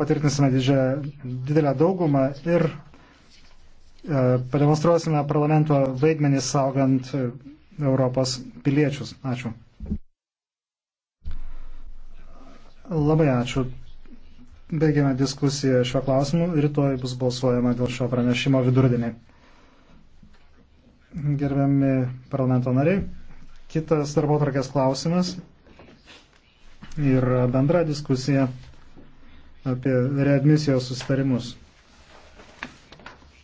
patvirtinsime didžią, didelę daugumą ir e, pademonstruosime parlamento vaidmenį saugant Europos piliečius. Ačiū. Labai ačiū. Baigėme diskusiją šiuo klausimu. Rytoj bus balsuojama dėl šio pranešimo vidurdienį. Gerbiami parlamento nariai, kitas darbo tvarkės klausimas ir bendra diskusija apie readmisijos sustarimus.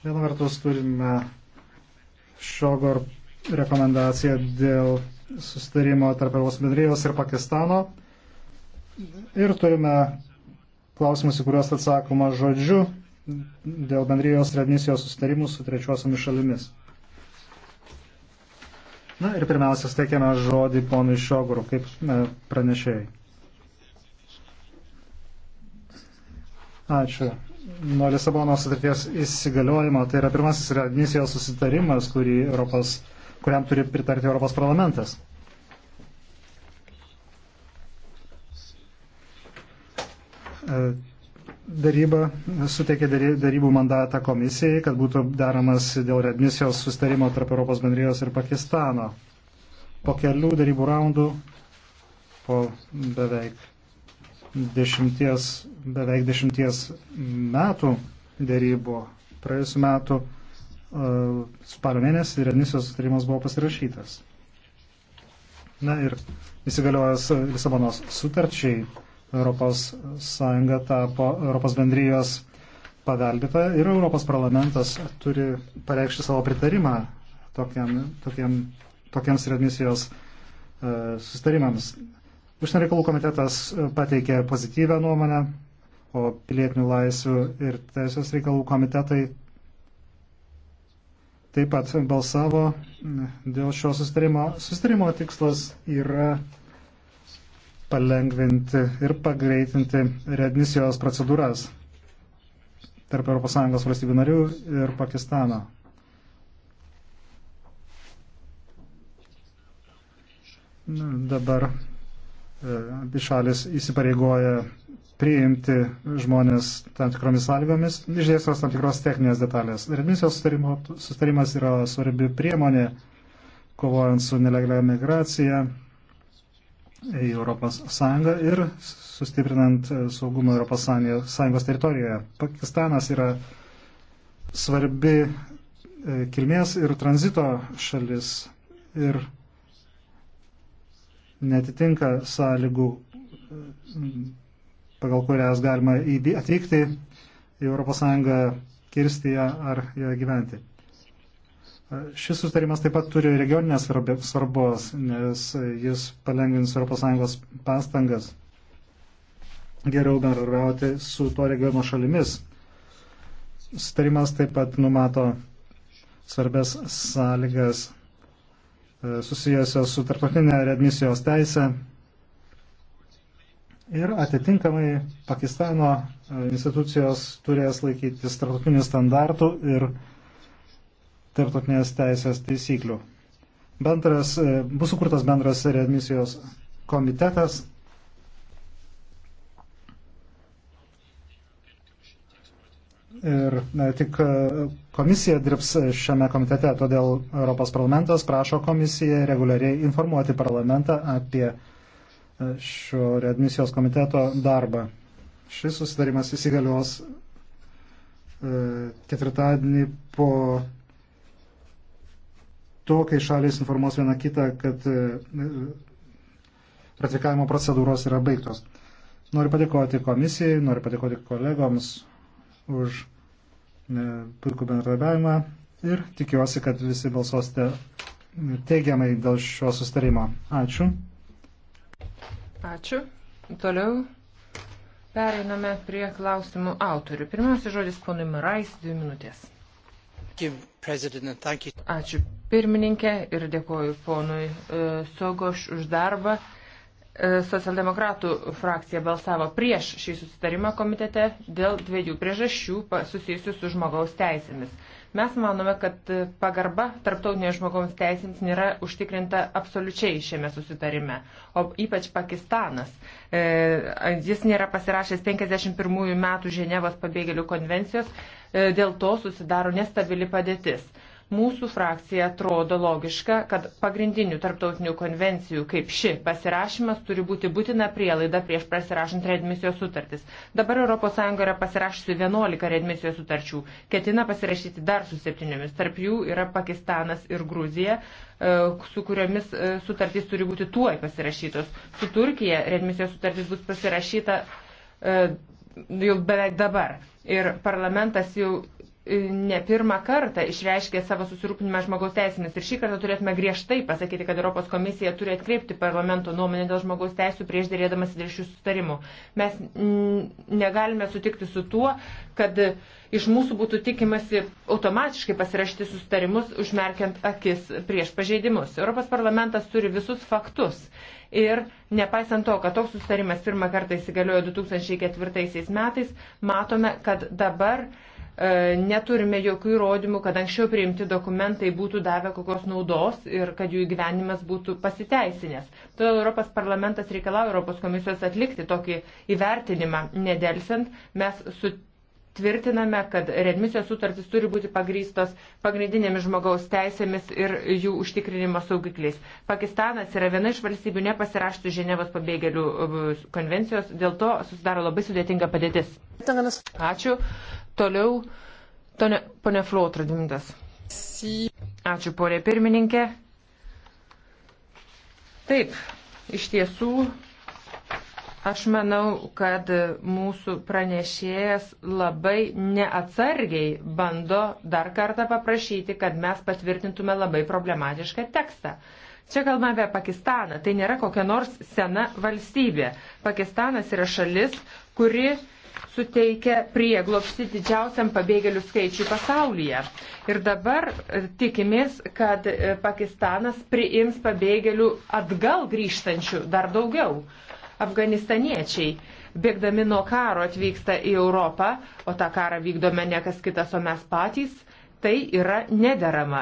Viena vertus turime Šogor rekomendaciją dėl sustarimo tarp Europos bendrijos ir Pakistano. Ir turime klausimus, į kuriuos atsakoma žodžiu dėl bendrijos readmisijos sustarimų su trečiosiomis šalimis. Na ir pirmiausia, steikėme žodį ponui Šogurų, kaip pranešėjai. Ačiū. Nuo Lisabono sutarties įsigaliojimo tai yra pirmasis readmisijos susitarimas, Europos, kuriam turi pritarti Europos parlamentas. E, daryba suteikė darybų mandatą komisijai, kad būtų daromas dėl readmisijos sustarimo tarp Europos bendrijos ir Pakistano. Po kelių darybų raundų, po beveik dešimties, beveik dešimties metų dėrybų. Praėjusiu metu e, spalio mėnesį Renisijos sutarimas buvo pasirašytas. Na ir įsigaliojęs Lisabonos sutarčiai, Europos Sąjunga tapo Europos bendrijos paveldėta ir Europos parlamentas turi pareikšti savo pritarimą tokiam, tokiam, tokiems readmisijos uh, e, sustarimams. Užsienio reikalų komitetas e, pateikė pozityvę nuomonę, o pilietinių laisvių ir teisės reikalų komitetai taip pat balsavo dėl šio sustarimo. Sustarimo tikslas yra palengvinti ir pagreitinti readmisijos procedūras tarp ES valstybių narių ir Pakistano. Dabar E, abi šalis įsipareigoja priimti žmonės tam tikromis sąlygomis, išdėstos tam tikros techninės detalės. Redmisijos sustarimas yra svarbi priemonė, kovojant su nelegalia migracija į Europos Sąjungą ir sustiprinant saugumą Europos Sąjungos teritorijoje. Pakistanas yra svarbi e, kilmės ir tranzito šalis ir netitinka sąlygų, pagal kurias galima atvykti į ES, kirsti ją ar joje gyventi. Šis sustarimas taip pat turi regioninės svarbos, nes jis palengvins ES pastangas geriau bendrarbiauti su to regiono šalimis. Sustarimas taip pat numato svarbės sąlygas E, susijusios su tarptautinė readmisijos teisė. Ir atitinkamai Pakistano e, institucijos turės laikytis tarptautinių standartų ir tarptautinės teisės taisyklių. Bendras, e, bus sukurtas bendras readmisijos komitetas ir tik e, komisija dirbs šiame komitete, todėl Europos parlamentas prašo komisiją reguliariai informuoti parlamentą apie e, šio readmisijos komiteto darbą. Šis susidarimas įsigalios e, ketvirtadienį po to, kai šalis informuos vieną kitą, kad ratifikavimo procedūros yra baigtos. Noriu padėkoti komisijai, noriu padėkoti kolegoms už E, puikų bendradarbiavimą ir tikiuosi, kad visi balsuosite teigiamai dėl šio sustarimo. Ačiū. Ačiū. Toliau pereiname prie klausimų autorių. Pirmiausia žodis ponui Marais, dvi minutės. Ačiū pirmininkė ir dėkoju ponui e, Sogoš už darbą. E, socialdemokratų frakcija balsavo prieš šį susitarimą komitete dėl dviejų priežasčių susijusių su žmogaus teisėmis. Mes manome, kad pagarba tarptautinės žmogaus teisėms nėra užtikrinta absoliučiai šiame susitarime, o ypač Pakistanas. E, jis nėra pasirašęs 51 metų Ženevos pabėgėlių konvencijos, e, dėl to susidaro nestabili padėtis. Mūsų frakcija atrodo logiška, kad pagrindinių tarptautinių konvencijų kaip ši pasirašymas turi būti būtina prielaida prieš pasirašant readmisijos sutartis. Dabar ES yra pasirašusi 11 readmisijos sutarčių, ketina pasirašyti dar su septyniomis. Tarp jų yra Pakistanas ir Gruzija, e, su kuriomis e, sutartys turi būti tuoj pasirašytos. Su Turkija readmisijos sutartys bus pasirašyta e, jau beveik dabar. Ir parlamentas jau ne pirmą kartą išreiškė savo susirūpinimą žmogaus teisėmis. Ir šį kartą turėtume griežtai pasakyti, kad Europos komisija turi atkreipti parlamento nuomonę dėl žmogaus teisų prieš dėrėdamas dėl šių sustarimų. Mes negalime sutikti su tuo, kad iš mūsų būtų tikimasi automatiškai pasirašyti sustarimus, užmerkiant akis prieš pažeidimus. Europos parlamentas turi visus faktus. Ir nepaisant to, kad toks sustarimas pirmą kartą įsigaliojo 2004 metais, matome, kad dabar E, neturime jokių įrodymų, kad anksčiau priimti dokumentai būtų davę kokios naudos ir kad jų įgyvenimas būtų pasiteisinęs. Todėl Europos parlamentas reikalauja Europos komisijos atlikti tokį įvertinimą nedelsiant. Mes su tvirtiname, kad redmisijos sutartys turi būti pagrystos pagrindinėmis žmogaus teisėmis ir jų užtikrinimo saugikliais. Pakistanas yra viena iš valstybių nepasiraštų Ženevos pabėgėlių uh, konvencijos, dėl to susidaro labai sudėtinga padėtis. Ačiū. Toliau, tone, pone Flotro, dimitas. Ačiū, ponė pirmininkė. Taip, iš tiesų Aš manau, kad mūsų pranešėjas labai neatsargiai bando dar kartą paprašyti, kad mes patvirtintume labai problematišką tekstą. Čia kalbame apie Pakistaną. Tai nėra kokia nors sena valstybė. Pakistanas yra šalis, kuri suteikia prieglopsti didžiausiam pabėgėlių skaičiui pasaulyje. Ir dabar e, tikimės, kad e, Pakistanas priims pabėgėlių atgal grįžtančių dar daugiau. Afganistaniečiai bėgdami nuo karo atvyksta į Europą, o tą karą vykdome ne kas kitas, o mes patys, tai yra nederama.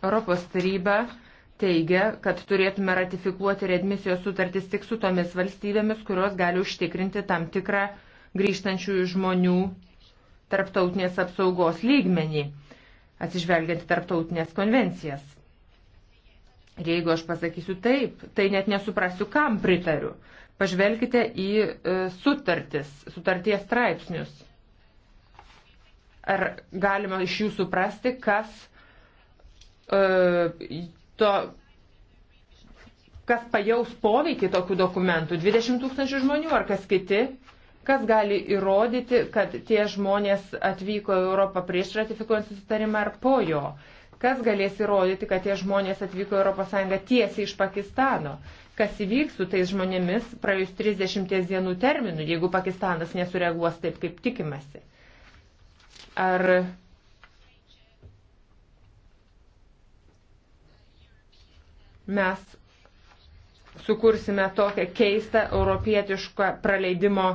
Europos taryba teigia, kad turėtume ratifikuoti redmisijos sutartis tik su tomis valstybėmis, kurios gali užtikrinti tam tikrą grįžtančių žmonių tarptautinės apsaugos lygmenį, atsižvelgiant tarptautinės konvencijas. Ir jeigu aš pasakysiu taip, tai net nesuprasiu, kam pritariu. Pažvelkite į e, sutartis, sutarties straipsnius. Ar galima iš jų suprasti, kas, e, to, kas pajaus poveikį tokių dokumentų? 20 tūkstančių žmonių ar kas kiti? Kas gali įrodyti, kad tie žmonės atvyko į Europą prieš ratifikuojant susitarimą ar po jo? Kas galės įrodyti, kad tie žmonės atvyko ES tiesiai iš Pakistano? Kas įvyks su tais žmonėmis praėjus 30 dienų terminų, jeigu Pakistanas nesureaguos taip, kaip tikimasi? Ar mes sukursime tokią keistą europietišką praleidimo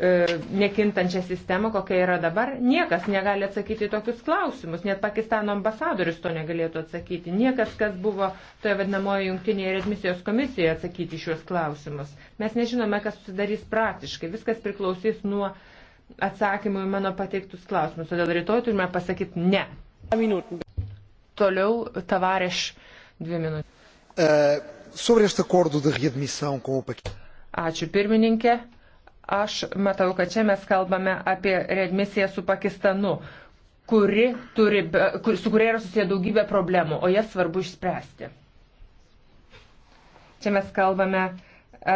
E, nekintančią sistemą, kokia yra dabar, niekas negali atsakyti tokius klausimus, net Pakistano ambasadorius to negalėtų atsakyti, niekas, kas buvo toje vadinamoje jungtinėje redmisijos komisijoje atsakyti šiuos klausimus. Mes nežinome, kas susidarys praktiškai, viskas priklausys nuo atsakymų į mano pateiktus klausimus, todėl rytoj turime pasakyti ne. Toliau tavareš dvi minutės. Uh, sobre este acordo de readmissão com o Paquistão. Ačiū pirmininkė. Aš matau, kad čia mes kalbame apie readmisiją su Pakistanu, kuri turi, kur, su kuria yra susiję daugybė problemų, o jas svarbu išspręsti. Čia mes kalbame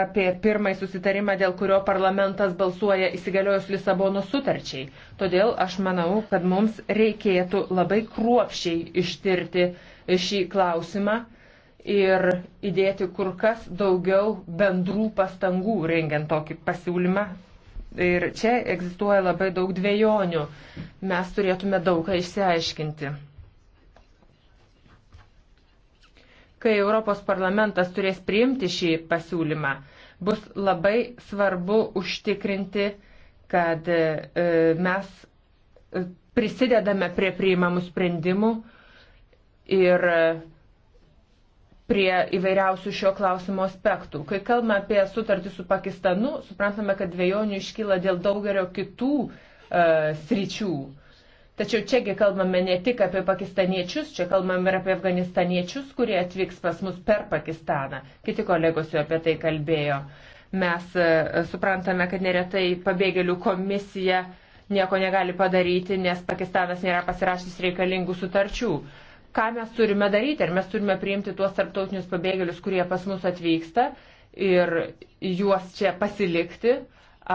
apie pirmąjį susitarimą, dėl kurio parlamentas balsuoja įsigaliojus Lisabono sutarčiai. Todėl aš manau, kad mums reikėtų labai kruopšiai ištirti šį klausimą ir įdėti kur kas daugiau bendrų pastangų rengiant tokį pasiūlymą. Ir čia egzistuoja labai daug dviejonių. Mes turėtume daugą išsiaiškinti. Kai Europos parlamentas turės priimti šį pasiūlymą, bus labai svarbu užtikrinti, kad e, mes e, prisidedame prie priimamų sprendimų ir prie įvairiausių šio klausimo aspektų. Kai kalbame apie sutartį su Pakistanu, suprantame, kad dviejonių iškyla dėl daugelio kitų e, sričių. Tačiau čiagi kalbame ne tik apie pakistaniečius, čia kalbame ir apie afganistaniečius, kurie atvyks pas mus per Pakistaną. Kiti kolegos jau apie tai kalbėjo. Mes e, suprantame, kad neretai pabėgėlių komisija nieko negali padaryti, nes Pakistanas nėra pasirašęs reikalingų sutarčių ką mes turime daryti. Ar mes turime priimti tuos tarptautinius pabėgėlius, kurie pas mus atvyksta ir juos čia pasilikti,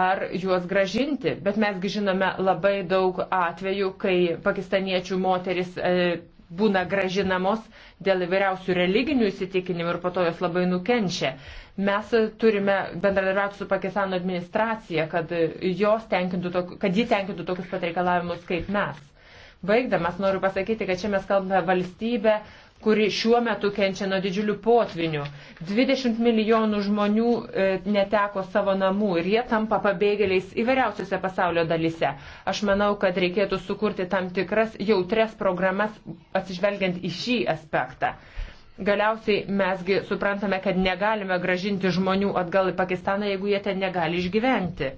ar juos gražinti. Bet mesgi žinome labai daug atvejų, kai pakistaniečių moteris e, būna gražinamos dėl įvairiausių religinių įsitikinimų ir po to jos labai nukenčia. Mes turime bendradarbiauti su Pakistano administracija, kad, tenkintų, kad ji tenkintų tokius pat reikalavimus kaip mes. Baigdamas noriu pasakyti, kad čia mes kalbame valstybę, kuri šiuo metu kenčia nuo didžiulių potvinių. 20 milijonų žmonių e, neteko savo namų ir jie tampa pabėgėliais įvairiausiose pasaulio dalise. Aš manau, kad reikėtų sukurti tam tikras jautres programas atsižvelgiant į šį aspektą. Galiausiai mesgi suprantame, kad negalime gražinti žmonių atgal į Pakistaną, jeigu jie ten negali išgyventi.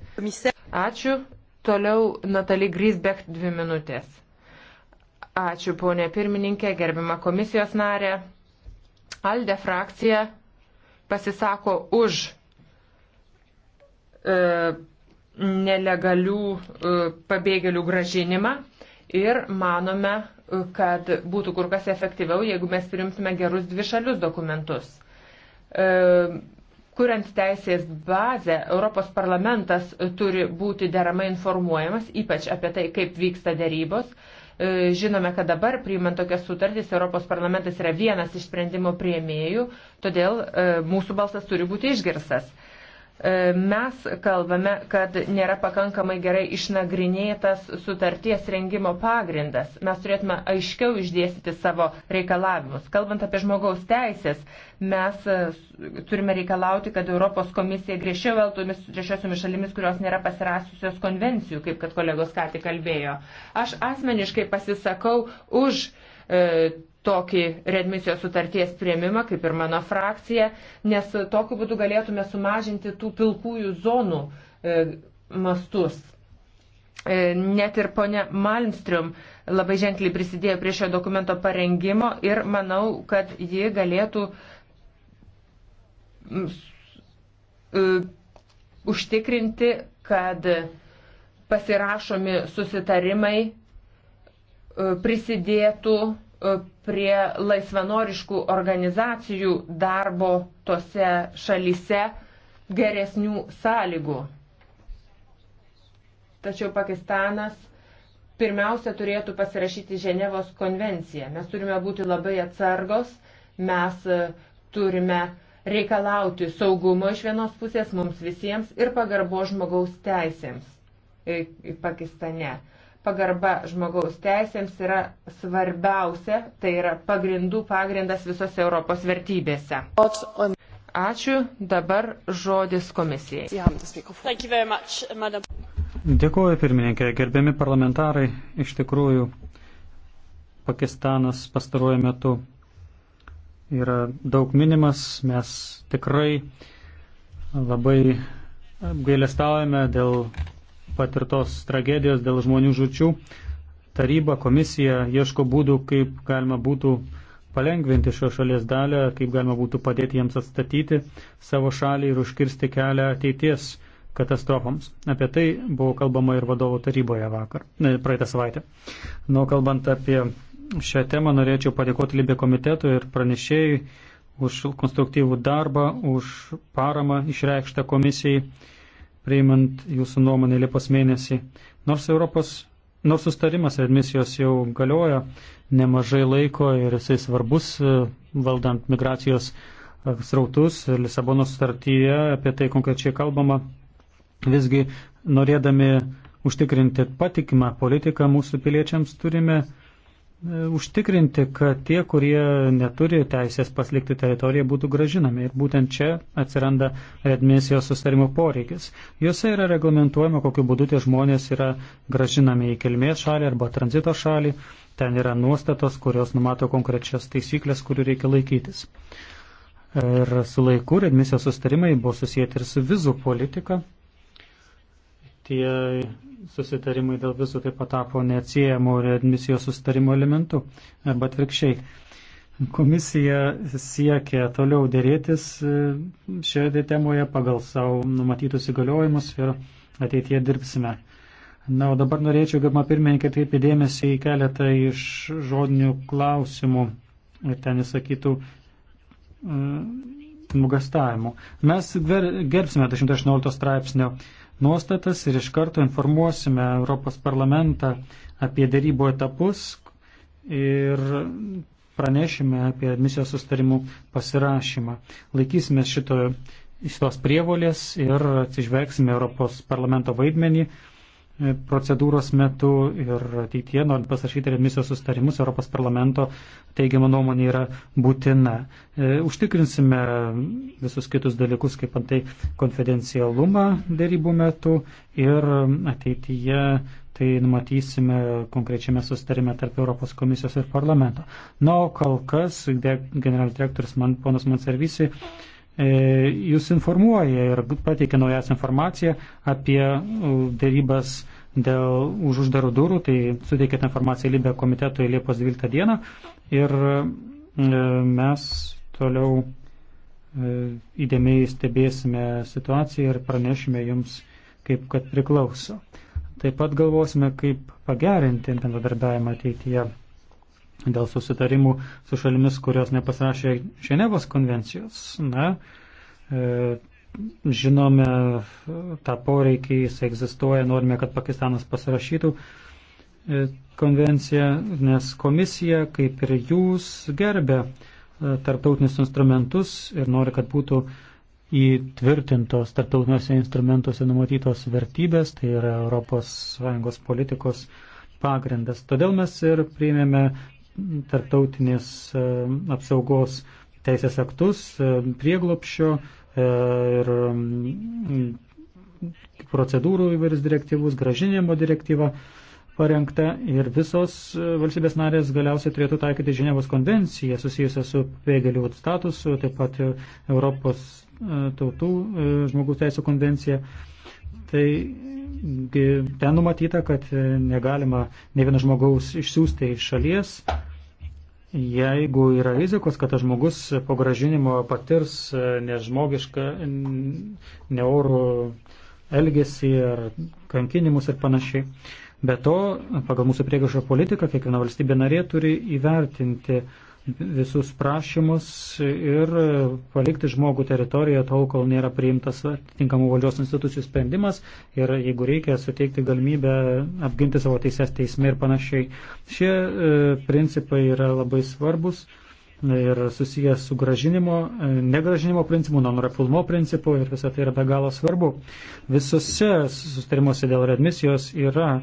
Ačiū. Toliau Natalie Grisbeck dvi minutės. Ačiū, ponė pirmininkė, gerbima komisijos narė. Alde frakcija pasisako už e, nelegalių e, pabėgėlių gražinimą ir manome, e, kad būtų kur kas efektyviau, jeigu mes priimtume gerus dvišalius dokumentus. E, kuriant teisės bazę, Europos parlamentas turi būti deramai informuojamas, ypač apie tai, kaip vyksta dėrybos. E, žinome, kad dabar priimant tokias sutartys Europos parlamentas yra vienas iš sprendimo prieimėjų, todėl e, mūsų balsas turi būti išgirsas. E, mes kalbame, kad nėra pakankamai gerai išnagrinėtas sutarties rengimo pagrindas. Mes turėtume aiškiau išdėstyti savo reikalavimus. Kalbant apie žmogaus teisės, mes e, turime reikalauti, kad Europos komisija griežčiau elgtumės su trečiosiomis šalimis, kurios nėra pasirasiusios konvencijų, kaip kad kolegos ką tik kalbėjo. Aš asmeniškai pasisakau už e, tokį redmisijos sutarties prieimimą, kaip ir mano frakcija, nes tokiu būdu galėtume sumažinti tų pilkųjų zonų e, mastus. E, net ir ponia Malmström labai ženkliai prisidėjo prie šio dokumento parengimo ir manau, kad ji galėtų e, užtikrinti, kad pasirašomi susitarimai e, prisidėtų E, prie laisvanoriškų organizacijų darbo tose šalyse geresnių sąlygų. Tačiau Pakistanas pirmiausia turėtų pasirašyti Ženevos konvenciją. Mes turime būti labai atsargos, mes e, turime reikalauti saugumo iš vienos pusės mums visiems ir pagarbo žmogaus teisėms e, Pakistane pagarba žmogaus teisėms yra svarbiausia, tai yra pagrindų pagrindas visose Europos vertybėse. Ačiū, dabar žodis komisijai. Dėkuoju pirmininkė, gerbiami parlamentarai, iš tikrųjų Pakistanas pastaruoju metu yra daug minimas, mes tikrai labai apgailestaujame dėl patirtos tragedijos, dėl žmonių žučių. Taryba, komisija ieško būdų, kaip galima būtų palengventi šio šalies dalę, kaip galima būtų padėti jiems atstatyti savo šalį ir užkirsti kelią ateities katastrofoms. Apie tai buvo kalbama ir vadovų taryboje vakar, ne, praeitą savaitę. Nu, kalbant apie šią temą, norėčiau padėkoti Libė komitetui ir pranešėjui už konstruktyvų darbą, už paramą išreikštą komisijai priimant jūsų nuomonę Liepos mėnesį. Nors Europos, nors sustarimas admisijos jau galioja nemažai laiko ir jisai svarbus e, valdant migracijos e, srautus, Lisabono sutartyje apie tai konkrečiai kalbama, visgi norėdami užtikrinti patikimą politiką mūsų piliečiams turime E, užtikrinti, kad tie, kurie neturi teisės paslikti teritoriją, būtų gražinami. Ir būtent čia atsiranda admisijos sustarimo poreikis. Juose yra reglamentuojama, kokiu būdu tie žmonės yra gražinami į kilmės šalį arba tranzito šalį. Ten yra nuostatos, kurios numato konkrečias taisyklės, kurių reikia laikytis. Ir su laiku admisijos sustarimai buvo susijęti ir su vizų politika, tie susitarimai dėl vizų taip pat tapo neatsiejamų readmisijos susitarimo elementų arba atvirkščiai. Komisija siekia toliau dėrėtis e, šioje temoje pagal savo numatytus įgaliojimus ir ateitie dirbsime. Na, o dabar norėčiau, gerbama pirmininkė, taip įdėmėsi į keletą iš žodinių klausimų ir ten įsakytų e, nugastavimų. Mes gerbsime 218 straipsnio uh, nuostatas ir iš karto informuosime Europos parlamentą apie darybų etapus ir pranešime apie misijos sustarimų pasirašymą. Laikysime šito, šitos prievolės ir atsižvelgsime Europos parlamento vaidmenį procedūros metu ir ateitie, norint pasirašyti remisijos sustarimus, Europos parlamento teigiama nuomonė yra būtina. E, užtikrinsime visus kitus dalykus, kaip antai konfidencialumą dėrybų metu ir ateityje tai numatysime konkrečiame sustarime tarp Europos komisijos ir parlamento. Na, o kol kas, generalinis direktorius man, ponas Manservisi, E, jūs informuoja ir pateikia naujas informaciją apie e, dėrybas dėl už uždarų durų, tai suteikėte informaciją Libė komitetui Liepos 12 dieną ir e, mes toliau įdėmiai stebėsime situaciją ir pranešime jums, kaip kad priklauso. Taip pat galvosime, kaip pagerinti bendradarbiavimą ateityje dėl susitarimų su šalimis, kurios nepasirašė Ženevos konvencijos. Na, e, žinome tą poreikį, jis egzistuoja, norime, kad Pakistanas pasirašytų e, konvenciją, nes komisija, kaip ir jūs, gerbė e, tarptautinius instrumentus ir nori, kad būtų įtvirtintos tarptautiniuose instrumentuose numatytos vertybės, tai yra ES politikos pagrindas. Todėl mes ir priėmėme tarptautinės e, apsaugos teisės aktus, e, prieglopšio e, ir mm, procedūrų įvairius direktyvus, gražinimo direktyvą parengta ir visos valstybės narės galiausiai turėtų taikyti Ženevos konvenciją susijusią su pėgelių statusu, taip pat Europos tautų žmogaus teisų konvencija. Tai ten numatyta, kad negalima ne vieno žmogaus išsiųsti iš šalies, jeigu yra rizikos, kad tas žmogus po gražinimo patirs e, nežmogišką, neorų elgesį ar kankinimus ir panašiai. Be to, pagal mūsų priegašo politiką, kiekviena valstybė narė turi įvertinti visus prašymus ir palikti žmogų teritorijoje tol, kol nėra priimtas atitinkamų valdžios institucijų sprendimas ir jeigu reikia suteikti galimybę apginti savo teises teisme ir panašiai. Šie e, principai yra labai svarbus ir susijęs su gražinimo, e, negražinimo principu, non-refulmo principu ir visą tai yra be galo svarbu. Visose sustarimuose dėl readmisijos yra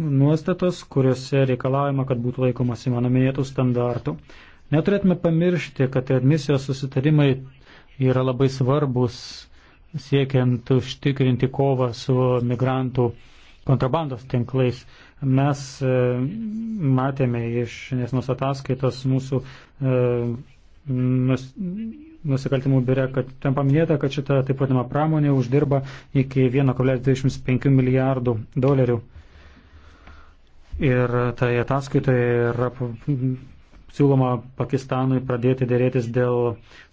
nuostatos, kuriuose reikalaujama, kad būtų laikomasi mano minėtų standartų. Neturėtume pamiršti, kad admisijos susitarimai yra labai svarbus siekiant užtikrinti kovą su migrantų kontrabandos tinklais. Mes e, matėme iš nesnos ataskaitos mūsų e, nusikaltimų biure, kad ten paminėta, kad šita taip vadinama pramonė uždirba iki 1,25 milijardų dolerių. Ir tai ataskaitoje yra siūloma Pakistanui pradėti dėrėtis dėl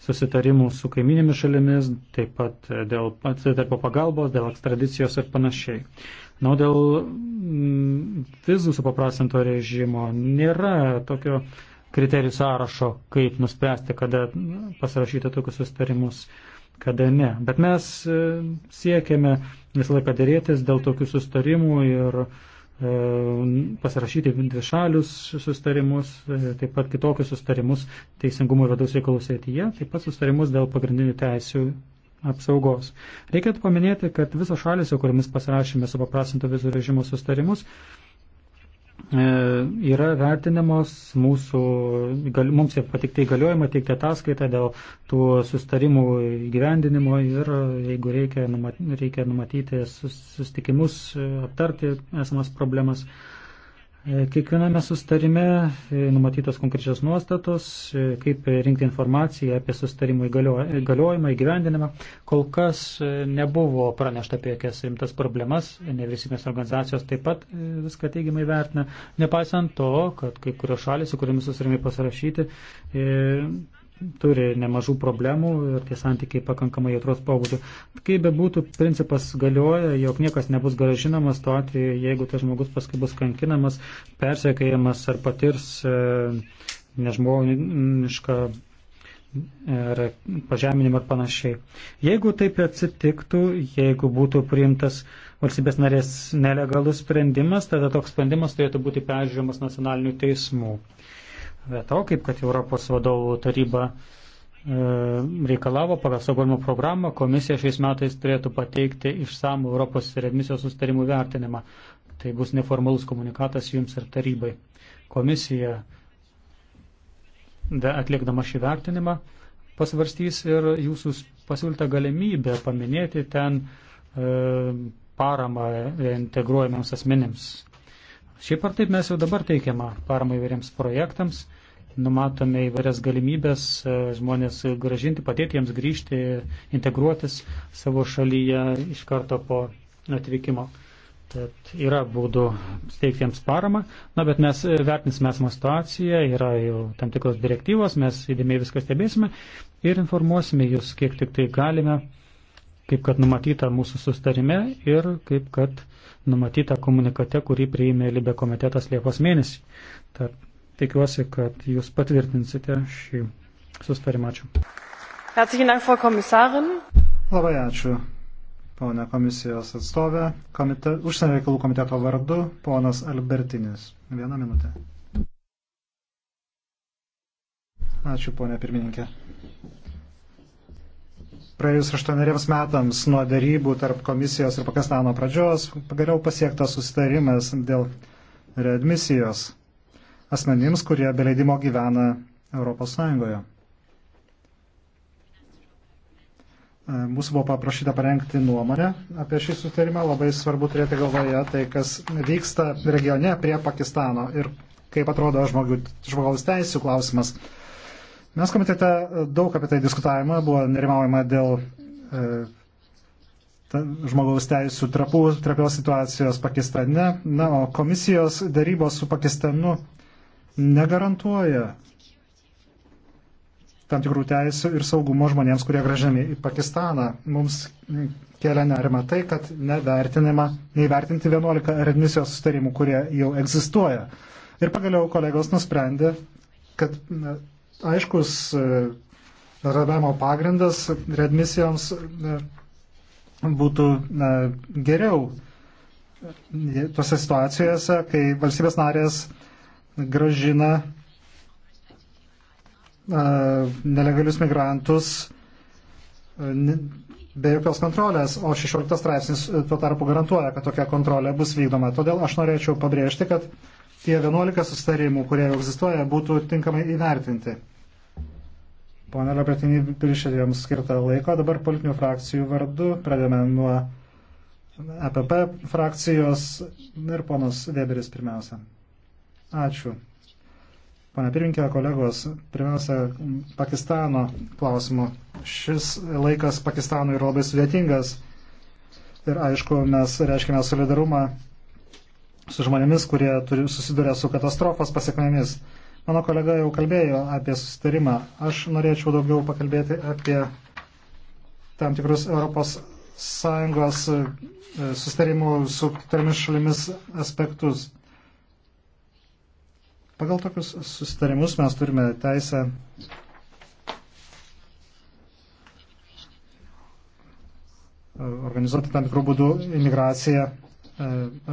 susitarimų su kaiminėmis šalimis, taip pat dėl tarpo pagalbos, dėl ekstradicijos ir panašiai. Na, dėl mm, vizų supaprastinto režimo nėra tokio kriterijų sąrašo, kaip nuspręsti, kada pasirašyti tokius susitarimus, kada ne. Bet mes e, siekiame visą laiką dėrėtis dėl tokių susitarimų ir uh, E, pasirašyti dvišalius sustarimus, e, taip pat kitokius sustarimus teisingumo ir vidaus reikalų srityje, taip pat sustarimus dėl pagrindinių teisių apsaugos. Reikėtų paminėti, kad visos šalis, su kuriamis pasirašėme supaprastinto vizų režimo sustarimus, E, yra vertinamos mūsų, gal, mums patikti įgaliojimą teikti ataskaitą dėl tų sustarimų gyvendinimo ir jeigu reikia, numat, reikia numatyti sus, sustikimus, e, aptarti esamas problemas. E, E, kiekviename sustarime e, numatytos konkrečios nuostatos, e, kaip rinkti informaciją apie sustarimų įgaliojimą, įgyvendinimą. Kol kas nebuvo pranešta apie jokias rimtas problemas, nevyriausybės organizacijos taip pat viską teigiamai vertina, nepaisant to, kad kai kurios šalis, su kuriamis sustarimai pasirašyti, turi nemažų problemų ir tie santykiai pakankamai jautros pobūdžio. Kaip be būtų, principas galioja, jog niekas nebus gražinamas tuo atveju, jeigu tas žmogus paskui bus kankinamas, persekėjamas ar patirs e, nežmonišką ar pažeminimą ar panašiai. Jeigu taip atsitiktų, jeigu būtų priimtas valstybės narės nelegalus sprendimas, tada toks sprendimas turėtų būti peržiūrimas nacionalinių teismų. E, veto, kaip kad Europos vadovų taryba e, reikalavo pagal saugumo programą, komisija šiais metais turėtų pateikti išsamų Europos redmisijos sustarimų vertinimą. Tai bus neformalus komunikatas jums ir tarybai. Komisija atlikdama šį vertinimą pasvarstys ir jūsų pasiūlytą galimybę paminėti ten e, paramą integruojamiams asmenims. Šiaip ar taip mes jau dabar teikiamą paramą įvairiems projektams numatome įvairias galimybės e, žmonės gražinti, padėti jiems grįžti, integruotis savo šalyje iš karto po atvykimo. Tad yra būdų steigti jiems paramą, na, bet mes vertinsime esamą situaciją, yra jau tam tikros direktyvos, mes įdėmiai viską stebėsime ir informuosime jūs, kiek tik tai galime, kaip kad numatyta mūsų sustarime ir kaip kad numatyta komunikate, kurį priėmė Libė komitetas Liepos mėnesį. Tad Tikiuosi, kad jūs patvirtinsite šį sustarimą. Ačiū. Labai ačiū, ponė komisijos atstovė. Komite, užsienio reikalų komiteto vardu, ponas Albertinis. Vieną minutę. Ačiū, ponė pirmininkė. Praėjus aštuoneriems metams nuo darybų tarp komisijos ir Pakistano pradžios, pagaliau pasiektas susitarimas dėl readmisijos asmenims, kurie be leidimo gyvena ES. E, mūsų buvo paprašyta parengti nuomonę apie šį sutarimą. Labai svarbu turėti galvoje tai, kas vyksta regione prie Pakistano ir kaip atrodo žmogaus teisų klausimas. Mes komitete daug apie tai diskutavome, buvo nerimaujama dėl e, ta, žmogaus teisų trapų, trapios situacijos Pakistane. Na, o komisijos darybos su Pakistanu negarantuoja tam tikrų teisų ir saugumo žmonėms, kurie gražiami į Pakistaną. Mums kelia nerima tai, kad nevertinama, neįvertinti 11 redmisijos sustarimų, kurie jau egzistuoja. Ir pagaliau kolegos nusprendė, kad aiškus e, radavimo pagrindas redmisijoms e, būtų geriau tose situacijose, kai valstybės narės gražina nelegalius migrantus be jokios kontrolės, o 16 straipsnis e, tuo tarpu garantuoja, kad tokia kontrolė bus vykdoma. Todėl aš norėčiau pabrėžti, kad tie 11 sustarimų, kurie jau egzistuoja, būtų tinkamai įvertinti. Pone Lepretinį, viršėte jums skirtą laiko, dabar politinių frakcijų vardu, pradėme nuo EPP frakcijos ir ponas Weberis pirmiausia. Ačiū. Pane pirminkė, kolegos, pirmiausia, Pakistano klausimu. Šis laikas Pakistanui yra labai sudėtingas. Ir aišku, mes reiškime solidarumą su žmonėmis, kurie turi, susiduria su katastrofos pasiekmėmis. Mano kolega jau kalbėjo apie susitarimą. Aš norėčiau daugiau pakalbėti apie tam tikrus ES e, susitarimų su kitomis šalimis aspektus. Pagal tokius susitarimus mes turime teisę organizuoti tam tikrų būdų imigraciją e,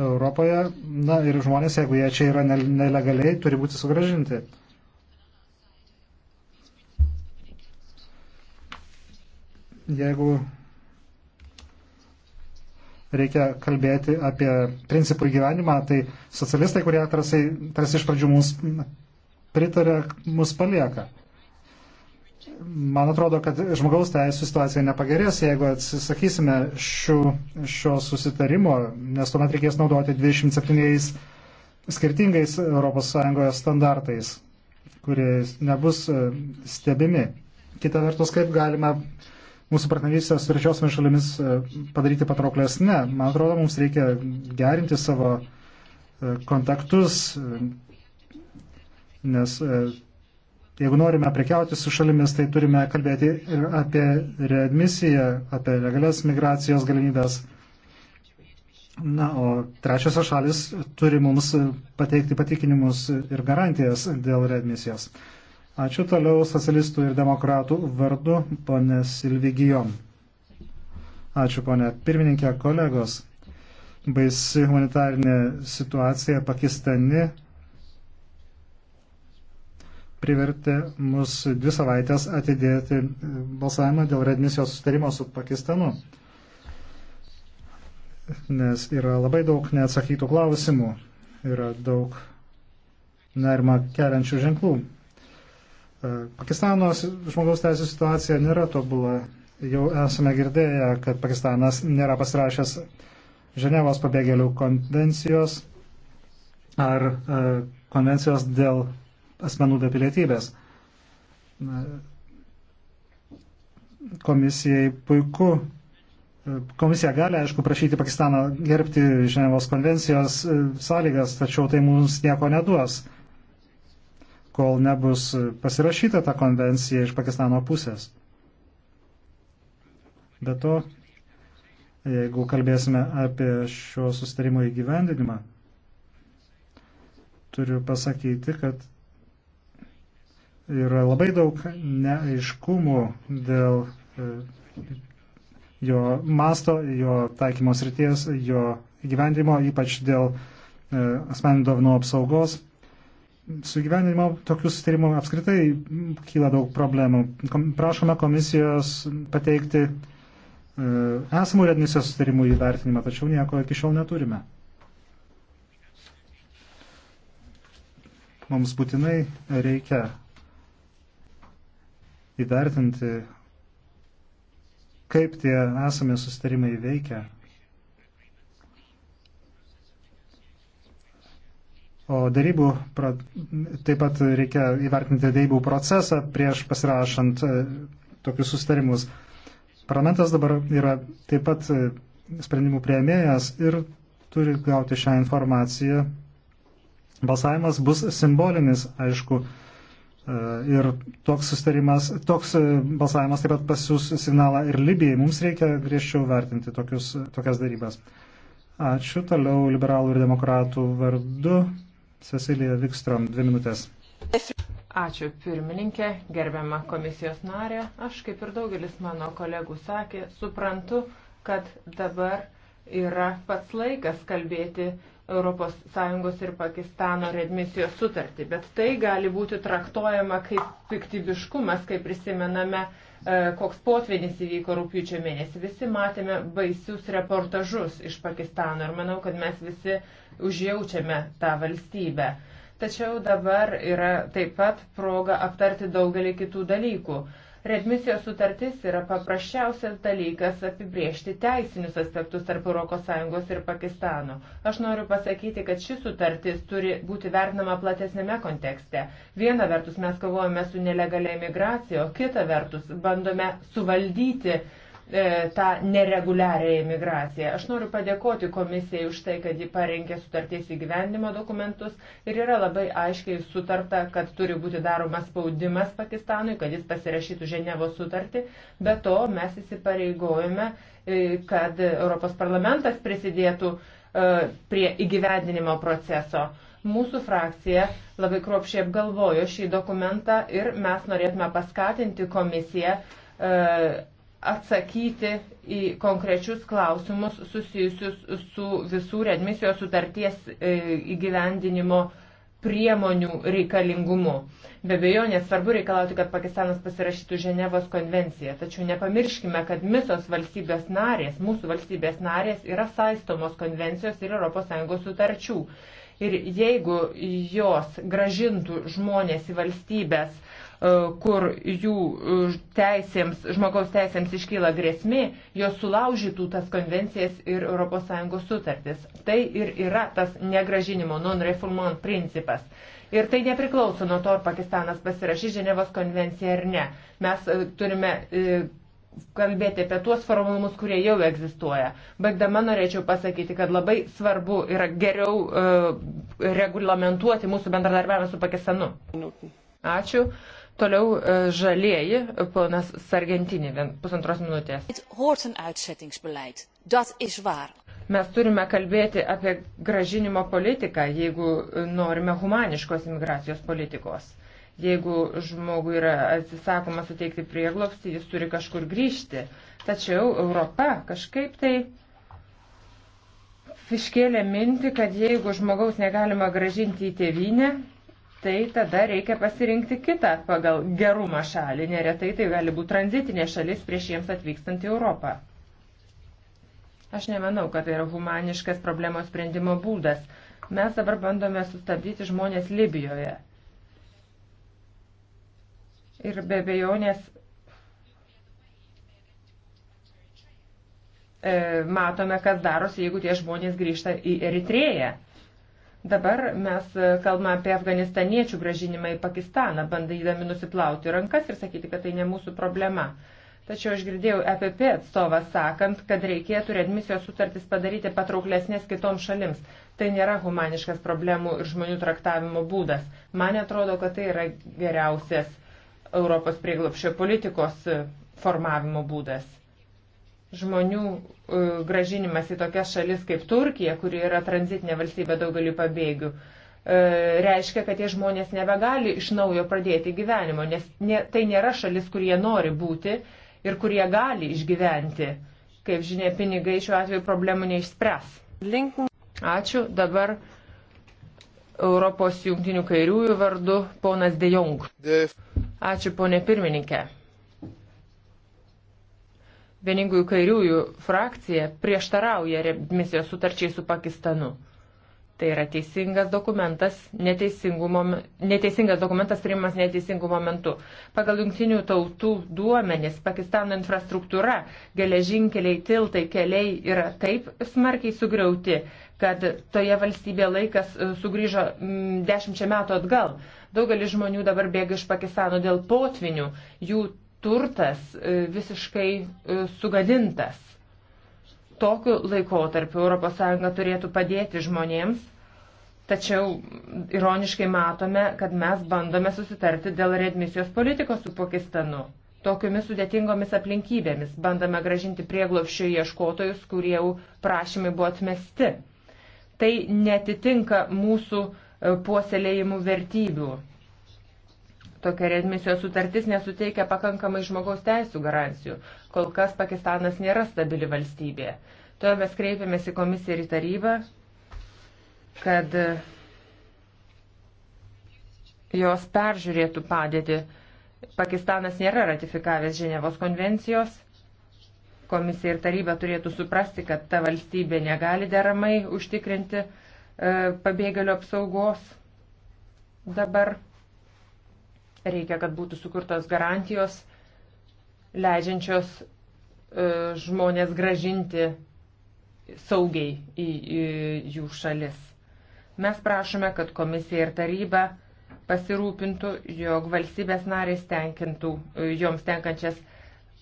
Europoje. Na ir žmonės, jeigu jie čia yra nelegaliai, turi būti sugražinti. Jeigu reikia kalbėti apie principų įgyvenimą, tai socialistai, kurie tarsi, tarsi iš pradžių mums pritarė, mus palieka. Man atrodo, kad žmogaus teisų situacija nepagerės, jeigu atsisakysime šių, šio susitarimo, nes tuomet reikės naudoti 27 skirtingais ES standartais, kurie nebus stebimi. Kita vertus, kaip galime mūsų partnerystės su trečiosiomis šalimis e, padaryti patrauklesnę. Man atrodo, mums reikia gerinti savo e, kontaktus, e, nes jeigu norime prekiauti su šalimis, tai turime kalbėti ir apie readmisiją, apie legalias migracijos galimybės. Na, o trečiosios šalis turi mums pateikti patikinimus ir garantijas dėl readmisijos. Ačiū toliau socialistų ir demokratų vardu, ponė Silvigijom. Ačiū, ponė pirmininkė, kolegos. Baisi humanitarinė situacija Pakistani privertė mus dvi savaitės atidėti balsavimą dėl redmisijos sustarimo su Pakistanu. Nes yra labai daug neatsakytų klausimų, yra daug nerima keliančių ženklų. E, Pakistano žmogaus teisų situacija nėra tobula. Jau esame girdėję, kad Pakistanas nėra pasirašęs Ženevos pabėgėlių konvencijos ar e, konvencijos dėl asmenų be pilietybės. Komisijai puiku. E, komisija gali, aišku, prašyti Pakistaną gerbti Ženevos konvencijos e, sąlygas, tačiau tai mums nieko neduos kol nebus pasirašyta ta konvencija iš Pakistano pusės. Be to, jeigu kalbėsime apie šio sustarimo įgyvendinimą, turiu pasakyti, kad yra labai daug neaiškumų dėl e, jo masto, jo taikymos ryties, jo įgyvendimo, ypač dėl e, asmeninių dovanų apsaugos su gyvenimo tokių sustarimų apskritai kyla daug problemų. Prašome komisijos pateikti e, esamų redmisijos sustarimų įvertinimą, tačiau nieko iki šiol neturime. Mums būtinai reikia įvertinti, kaip tie esami sustarimai veikia O darybų, taip pat reikia įvertinti darybų procesą prieš pasirašant e, tokius sustarimus. Parlamentas dabar yra taip pat e, sprendimų prieimėjas ir turi gauti šią informaciją. Balsavimas bus simbolinis, aišku, e, ir toks sustarimas, toks balsavimas taip pat pasiūs signalą ir Libijai. Mums reikia griežčiau vertinti tokius, tokias darybas. Ačiū toliau liberalų ir demokratų vardu. Cecilija Vikstrom, dvi minutės. Ačiū pirmininkė, gerbiama komisijos narė. Aš, kaip ir daugelis mano kolegų sakė, suprantu, kad dabar yra pats laikas kalbėti ES ir Pakistano redmisijos sutartį, bet tai gali būti traktuojama kaip piktybiškumas, kai prisimename E, koks potvinis įvyko rūpiučio mėnesį. Visi matėme baisius reportažus iš Pakistano ir manau, kad mes visi užjaučiame tą valstybę. Tačiau dabar yra taip pat proga aptarti daugelį kitų dalykų. Redmisijos sutartis yra paprasčiausias dalykas apibriežti teisinius aspektus tarp ES ir Pakistano. Aš noriu pasakyti, kad ši sutartis turi būti vertinama platesnėme kontekste. Viena vertus mes kovojame su nelegalia imigracija, o kita vertus bandome suvaldyti E, tą nereguliarią imigraciją. Aš noriu padėkoti komisijai už tai, kad ji parengė sutarties įgyvendimo dokumentus ir yra labai aiškiai sutarta, kad turi būti daromas spaudimas Pakistanui, kad jis pasirašytų Ženevo sutartį. Be to mes įsipareigojame, e, kad Europos parlamentas prisidėtų e, prie įgyvendinimo proceso mūsų frakcija labai kruopšiai apgalvojo šį dokumentą ir mes norėtume paskatinti komisiją e, atsakyti į konkrečius klausimus susijusius su visų redmisijos sutarties e, įgyvendinimo priemonių reikalingumu. Be abejo, nesvarbu reikalauti, kad Pakistanas pasirašytų Ženevos konvenciją, tačiau nepamirškime, kad visos valstybės narės, mūsų valstybės narės yra saistomos konvencijos ir ES sutarčių. Ir jeigu jos gražintų žmonės į valstybės, E, kur jų e, teisėms, žmogaus teisėms iškyla grėsmė, jos sulaužytų tas konvencijas ir ES sutartis. Tai ir yra tas negražinimo non-refoulement principas. Ir tai nepriklauso nuo to, ar Pakistanas pasirašys Ženevos konvenciją ar ne. Mes e, turime kalbėti apie tuos formalumus, kurie jau egzistuoja. Baigdama norėčiau pasakyti, kad labai svarbu yra geriau uh, reglamentuoti mūsų bendradarbiavimą su Pakistanu. Ačiū. Toliau e, žalieji, ponas Sargentinė, pusantros minutės. Mes turime kalbėti apie gražinimo politiką, jeigu norime humaniškos imigracijos politikos. Jeigu žmogui yra atsisakoma suteikti prieglobstį, jis turi kažkur grįžti. Tačiau Europa kažkaip tai iškėlė mintį, kad jeigu žmogaus negalima gražinti į tėvynę, tai tada reikia pasirinkti kitą pagal gerumą šalį. Neretai tai gali būti tranzitinė šalis prieš jiems atvykstant į Europą. Aš nemanau, kad tai yra humaniškas problemos sprendimo būdas. Mes dabar bandome sustabdyti žmonės Libijoje. Ir be bejonės e, matome, kas darosi, jeigu tie žmonės grįžta į Eritrėją. Dabar mes kalbame apie afganistaniečių gražinimą į Pakistaną, bandydami nusiplauti rankas ir sakyti, kad tai ne mūsų problema. Tačiau aš girdėjau EPP atstovą sakant, kad reikėtų readmisijos sutartis padaryti patrauklesnės kitoms šalims. Tai nėra humaniškas problemų ir žmonių traktavimo būdas. Man atrodo, kad tai yra geriausias Europos prieglopščio politikos formavimo būdas. Žmonių E, gražinimas į tokias šalis kaip Turkija, kuri yra tranzitinė valstybė daugeliu pabėgių, e, reiškia, kad tie žmonės nebegali iš naujo pradėti gyvenimo, nes ne, tai nėra šalis, kur jie nori būti ir kur jie gali išgyventi. Kaip žinia, pinigai šiuo atveju problemų neišspręs. Ačiū. Dabar Europos jungtinių kairiųjų vardu ponas Dejong. Ačiū, ponė pirmininkė vieningųjų kairiųjų frakcija prieštarauja remisijos sutarčiai su Pakistanu. Tai yra teisingas dokumentas, neteisingas dokumentas priimamas neteisingu momentu. Pagal jungtinių tautų duomenis, Pakistano infrastruktūra, geležinkeliai, tiltai, keliai yra taip smarkiai sugriauti, kad toje valstybėje laikas e, sugrįžo mm, dešimčia metų atgal. Daugelis žmonių dabar bėga iš Pakistano dėl potvinių, jų turtas e, visiškai e, sugadintas. Tokiu laikotarpiu ES turėtų padėti žmonėms, tačiau ironiškai matome, kad mes bandome susitarti dėl readmisijos politikos su Pakistanu. Tokiomis sudėtingomis aplinkybėmis bandome gražinti prieglopščio ieškotojus, kurie jau prašymai buvo atmesti. Tai netitinka mūsų e, puoselėjimų vertybių. Tokia redmisijos sutartis nesuteikia pakankamai žmogaus teisų garancijų. Kol kas Pakistanas nėra stabili valstybė. Todėl mes kreipiamės į komisiją ir į tarybą, kad jos peržiūrėtų padėtį. Pakistanas nėra ratifikavęs Ženevos konvencijos. Komisija ir taryba turėtų suprasti, kad ta valstybė negali deramai užtikrinti e, pabėgėlių apsaugos dabar. Reikia, kad būtų sukurtos garantijos, leidžiančios e, žmonės gražinti saugiai į, į jų šalis. Mes prašome, kad komisija ir taryba pasirūpintų, jog valstybės narės tenkintų e, joms tenkančias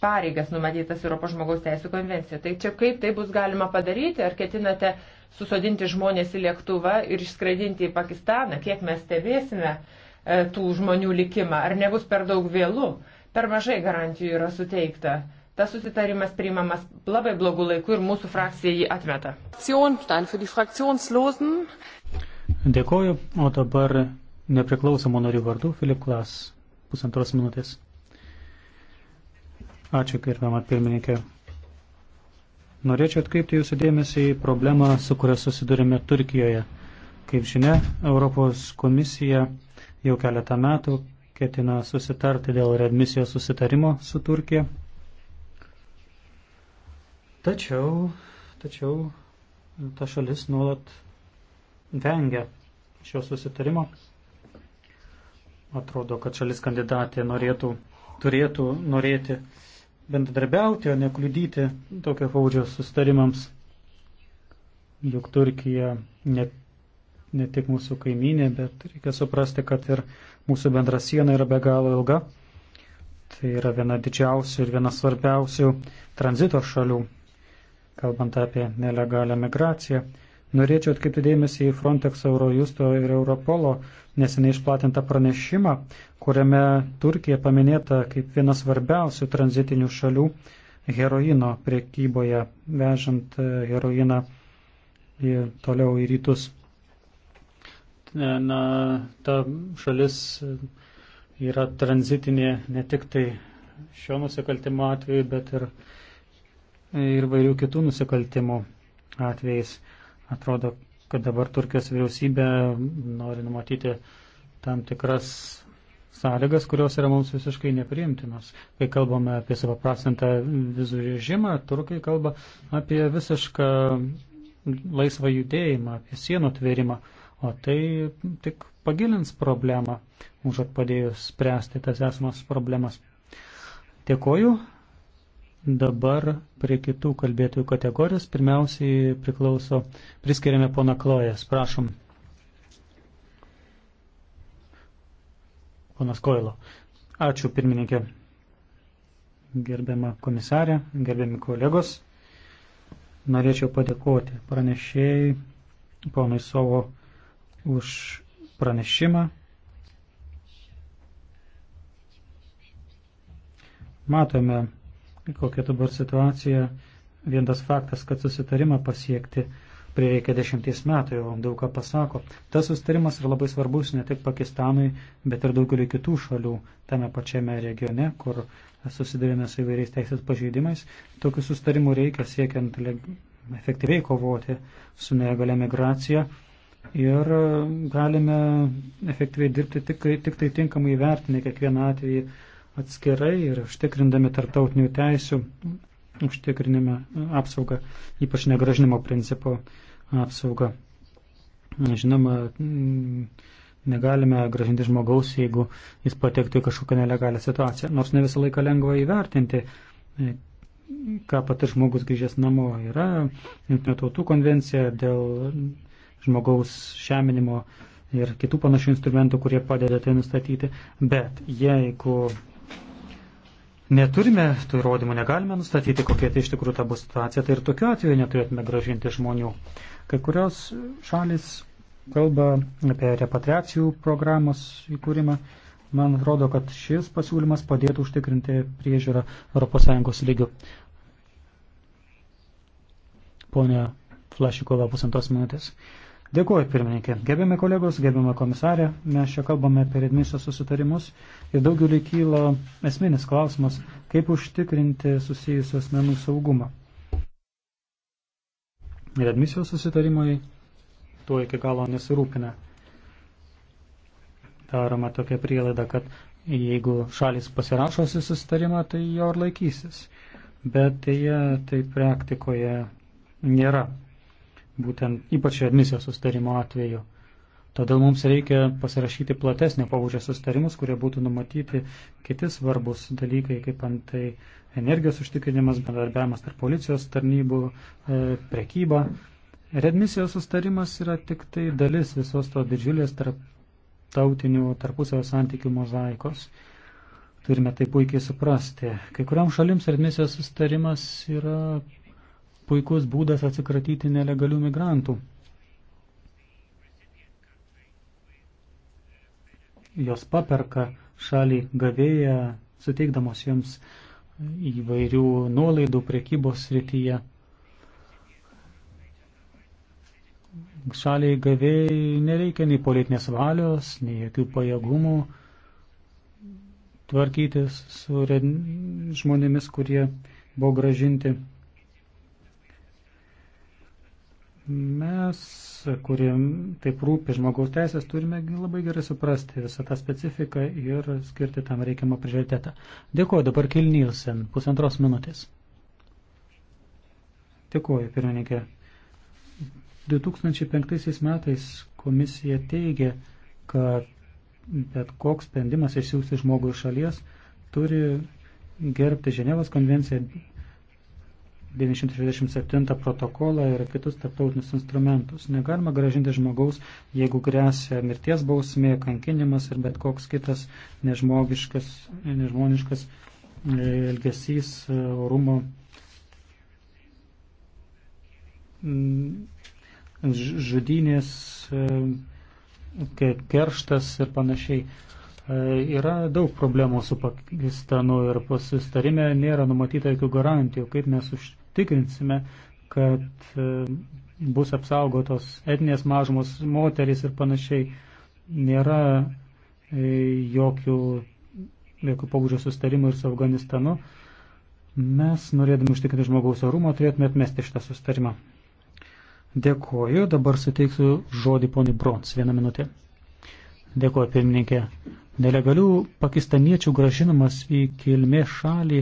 pareigas numatytas Europos žmogaus teisų konvencija. Tai čia kaip tai bus galima padaryti? Ar ketinate susodinti žmonės į lėktuvą ir išskraidinti į Pakistaną? Kiek mes stebėsime? Uh, E, tų žmonių likimą, ar nebus per daug vėlų, per mažai garantijų yra suteikta. Tas susitarimas priimamas labai blogų laikų ir mūsų frakcija jį atmeta. Dėkoju, o dabar nepriklausomų narių vardu Filip Klas, pusantros minutės. Ačiū, gerbiamą pirmininkę. Norėčiau atkreipti jūsų dėmesį į problemą, su kuria susidurime Turkijoje. Kaip žinia, Europos komisija jau keletą metų ketina susitarti dėl readmisijos susitarimo su Turkija. Tačiau, tačiau ta šalis nuolat vengia šio susitarimo. Atrodo, kad šalis kandidatė norėtų, turėtų norėti bendradarbiauti, o nekliudyti tokio faudžio sustarimams. Juk Turkija ne ne tik mūsų kaiminė, bet reikia suprasti, kad ir mūsų bendra siena yra be galo ilga. Tai yra viena didžiausių ir viena svarbiausių tranzito šalių, kalbant apie nelegalią migraciją. Norėčiau atkreipti dėmesį į Frontex Eurojusto ir Europolo neseniai išplatintą pranešimą, kuriame Turkija paminėta kaip viena svarbiausių tranzitinių šalių heroino priekyboje, vežant e, heroiną į, toliau į rytus na, ta šalis yra tranzitinė ne tik tai šio nusikaltimo atveju, bet ir, ir vairių kitų nusikaltimų atvejais. Atrodo, kad dabar Turkijos vyriausybė nori numatyti tam tikras sąlygas, kurios yra mums visiškai nepriimtinos. Kai kalbame apie supaprastintą vizų režimą, turkai kalba apie visišką laisvą judėjimą, apie sienų tvėrimą. O tai tik pagilins problemą, užat padėjus spręsti tas esamas problemas. Dėkoju. Dabar prie kitų kalbėtojų kategorijos. Pirmiausiai priklauso, priskiriame pona Klojas. Prašom. Ponas Koilo. Ačiū pirmininkė. Gerbiama komisarė, gerbiami kolegos. Norėčiau padėkoti pranešėjai ponui savo už pranešimą. Matome, kokia dabar situacija. Vien tas faktas, kad susitarimą pasiekti prireikia dešimties metų, jau daug ką pasako. Tas sustarimas yra labai svarbus ne tik Pakistanui, bet ir daugeliu kitų šalių tame pačiame regione, kur susidurėme su įvairiais teisės pažeidimais. Tokių sustarimų reikia siekiant efektyviai kovoti su negalia migracija ir e, galime efektyviai dirbti tik, tik tai tinkamai vertinę kiekvieną atvejį atskirai ir užtikrindami tarptautinių teisių užtikrinimą e, apsaugą, ypač negražinimo principo apsaugą. Žinoma, mm, negalime gražinti žmogaus, jeigu jis patektų į kažkokią nelegalią situaciją, nors ne visą laiką lengva įvertinti, e, ką patir žmogus grįžęs namo. Yra Junktinių tautų konvencija dėl žmogaus žeminimo ir kitų panašių instrumentų, kurie padeda tai nustatyti. Bet jeigu neturime tų įrodymų, negalime nustatyti, kokia tai iš tikrųjų ta bus situacija, tai ir tokiu atveju neturėtume gražinti žmonių. Kai kurios šalis kalba apie repatriacijų programos įkūrimą. Man atrodo, kad šis pasiūlymas padėtų užtikrinti priežiūrą ES lygių. Pone Flašikova, pusantos minutės. Dėkuoju, pirmininkė. Gerbiami kolegos, gerbiami komisarė, mes čia kalbame apie redmisijos susitarimus ir daugeliu kyla esminis klausimas, kaip užtikrinti susijusių asmenų saugumą. Redmisijos susitarimai tuo iki galo nesirūpina. Daroma tokia prielaida, kad jeigu šalis pasirašosi susitarimą, tai jo ir laikysis. Bet jie tai praktikoje nėra būtent ypač admisijos sustarimo atveju. Todėl mums reikia pasirašyti platesnio pabudžio sustarimus, kurie būtų numatyti kiti svarbus dalykai, kaip antai energijos užtikrinimas, bendarbiavimas tarp policijos tarnybų, e, prekyba. Redmisijos sustarimas yra tik tai dalis visos to didžiulės tarp tautinių tarpusavio santykių mozaikos. Turime tai puikiai suprasti. Kai kuriam šalims redmisijos sustarimas yra puikus būdas atsikratyti nelegalių migrantų. Jos paperka šalį gavėją, suteikdamos jiems įvairių nuolaidų priekybos srityje. Šaliai gavėjai nereikia nei politinės valios, nei jokių pajėgumų tvarkytis su žmonėmis, kurie buvo gražinti Mes, kuriem taip rūpi žmogaus teisės, turime labai gerai suprasti visą tą specifiką ir skirti tam reikiamą prioritetą. Dėkuoju, dabar Kilnilsen, pusantros minutės. Dėkuoju, pirmininkė. 2005 metais komisija teigia, kad bet koks sprendimas išsiųsti žmogų iš šalies turi gerbti Ženevos konvenciją 967 protokolą ir kitus tarptautinius instrumentus. Negalima gražinti žmogaus, jeigu grėsia mirties bausmė, kankinimas ir bet koks kitas nežmogiškas, nežmoniškas e, elgesys, e, orumo mm, žudynės, e, kerštas ir panašiai. Yra daug problemų su Pakistanu ir pasistarime nėra numatyta jokių garantijų, kaip mes už, tikrinsime, kad e, bus apsaugotos etinės mažumos, moteris ir panašiai. Nėra e, jokių, jokių pobūdžio sustarimų ir su Afganistanu. Mes, norėdami užtikrinti žmogaus orumą, turėtume atmesti šitą sustarimą. Dėkoju, dabar suteiksiu žodį poniai Brons, vieną minutę. Dėkoju, pirmininkė. Nelegalių pakistaniečių gražinimas į kilmės šalį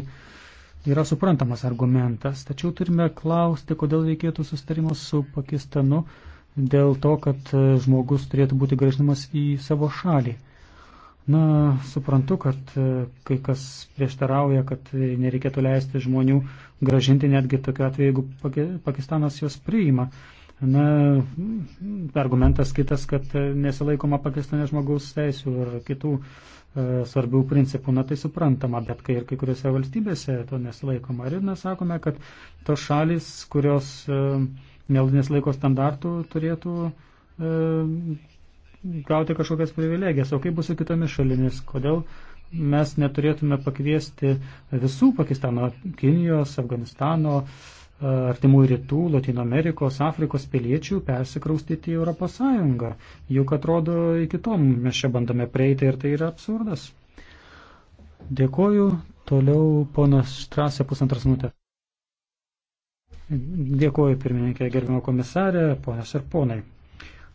yra suprantamas argumentas, tačiau turime klausti, kodėl reikėtų sustarimo su Pakistanu dėl to, kad e, žmogus turėtų būti grįžtamas į savo šalį. Na, suprantu, kad e, kai kas prieštarauja, kad nereikėtų leisti žmonių gražinti netgi tokiu atveju, jeigu Pakistanas juos priima. Na, argumentas kitas, kad e, nesilaikoma Pakistane žmogaus teisų ir kitų uh, E, svarbių principų, na tai suprantama, bet kai ir kai kuriuose valstybėse to nesilaikoma. Ir mes sakome, kad tos šalis, kurios e, nesilaiko standartų, turėtų e, gauti kažkokias privilegijas. O kaip bus su kitomis šalimis? Kodėl mes neturėtume pakviesti visų Pakistano, Kinijos, Afganistano, uh, artimų rytų, Latino Amerikos, Afrikos piliečių persikraustyti į ES. Juk atrodo iki to mes čia bandome prieiti ir tai yra absurdas. Dėkoju. Toliau ponas Štrasė pusantras minutės. Dėkoju pirmininkė, gerbimo komisarė, ponas ir ponai.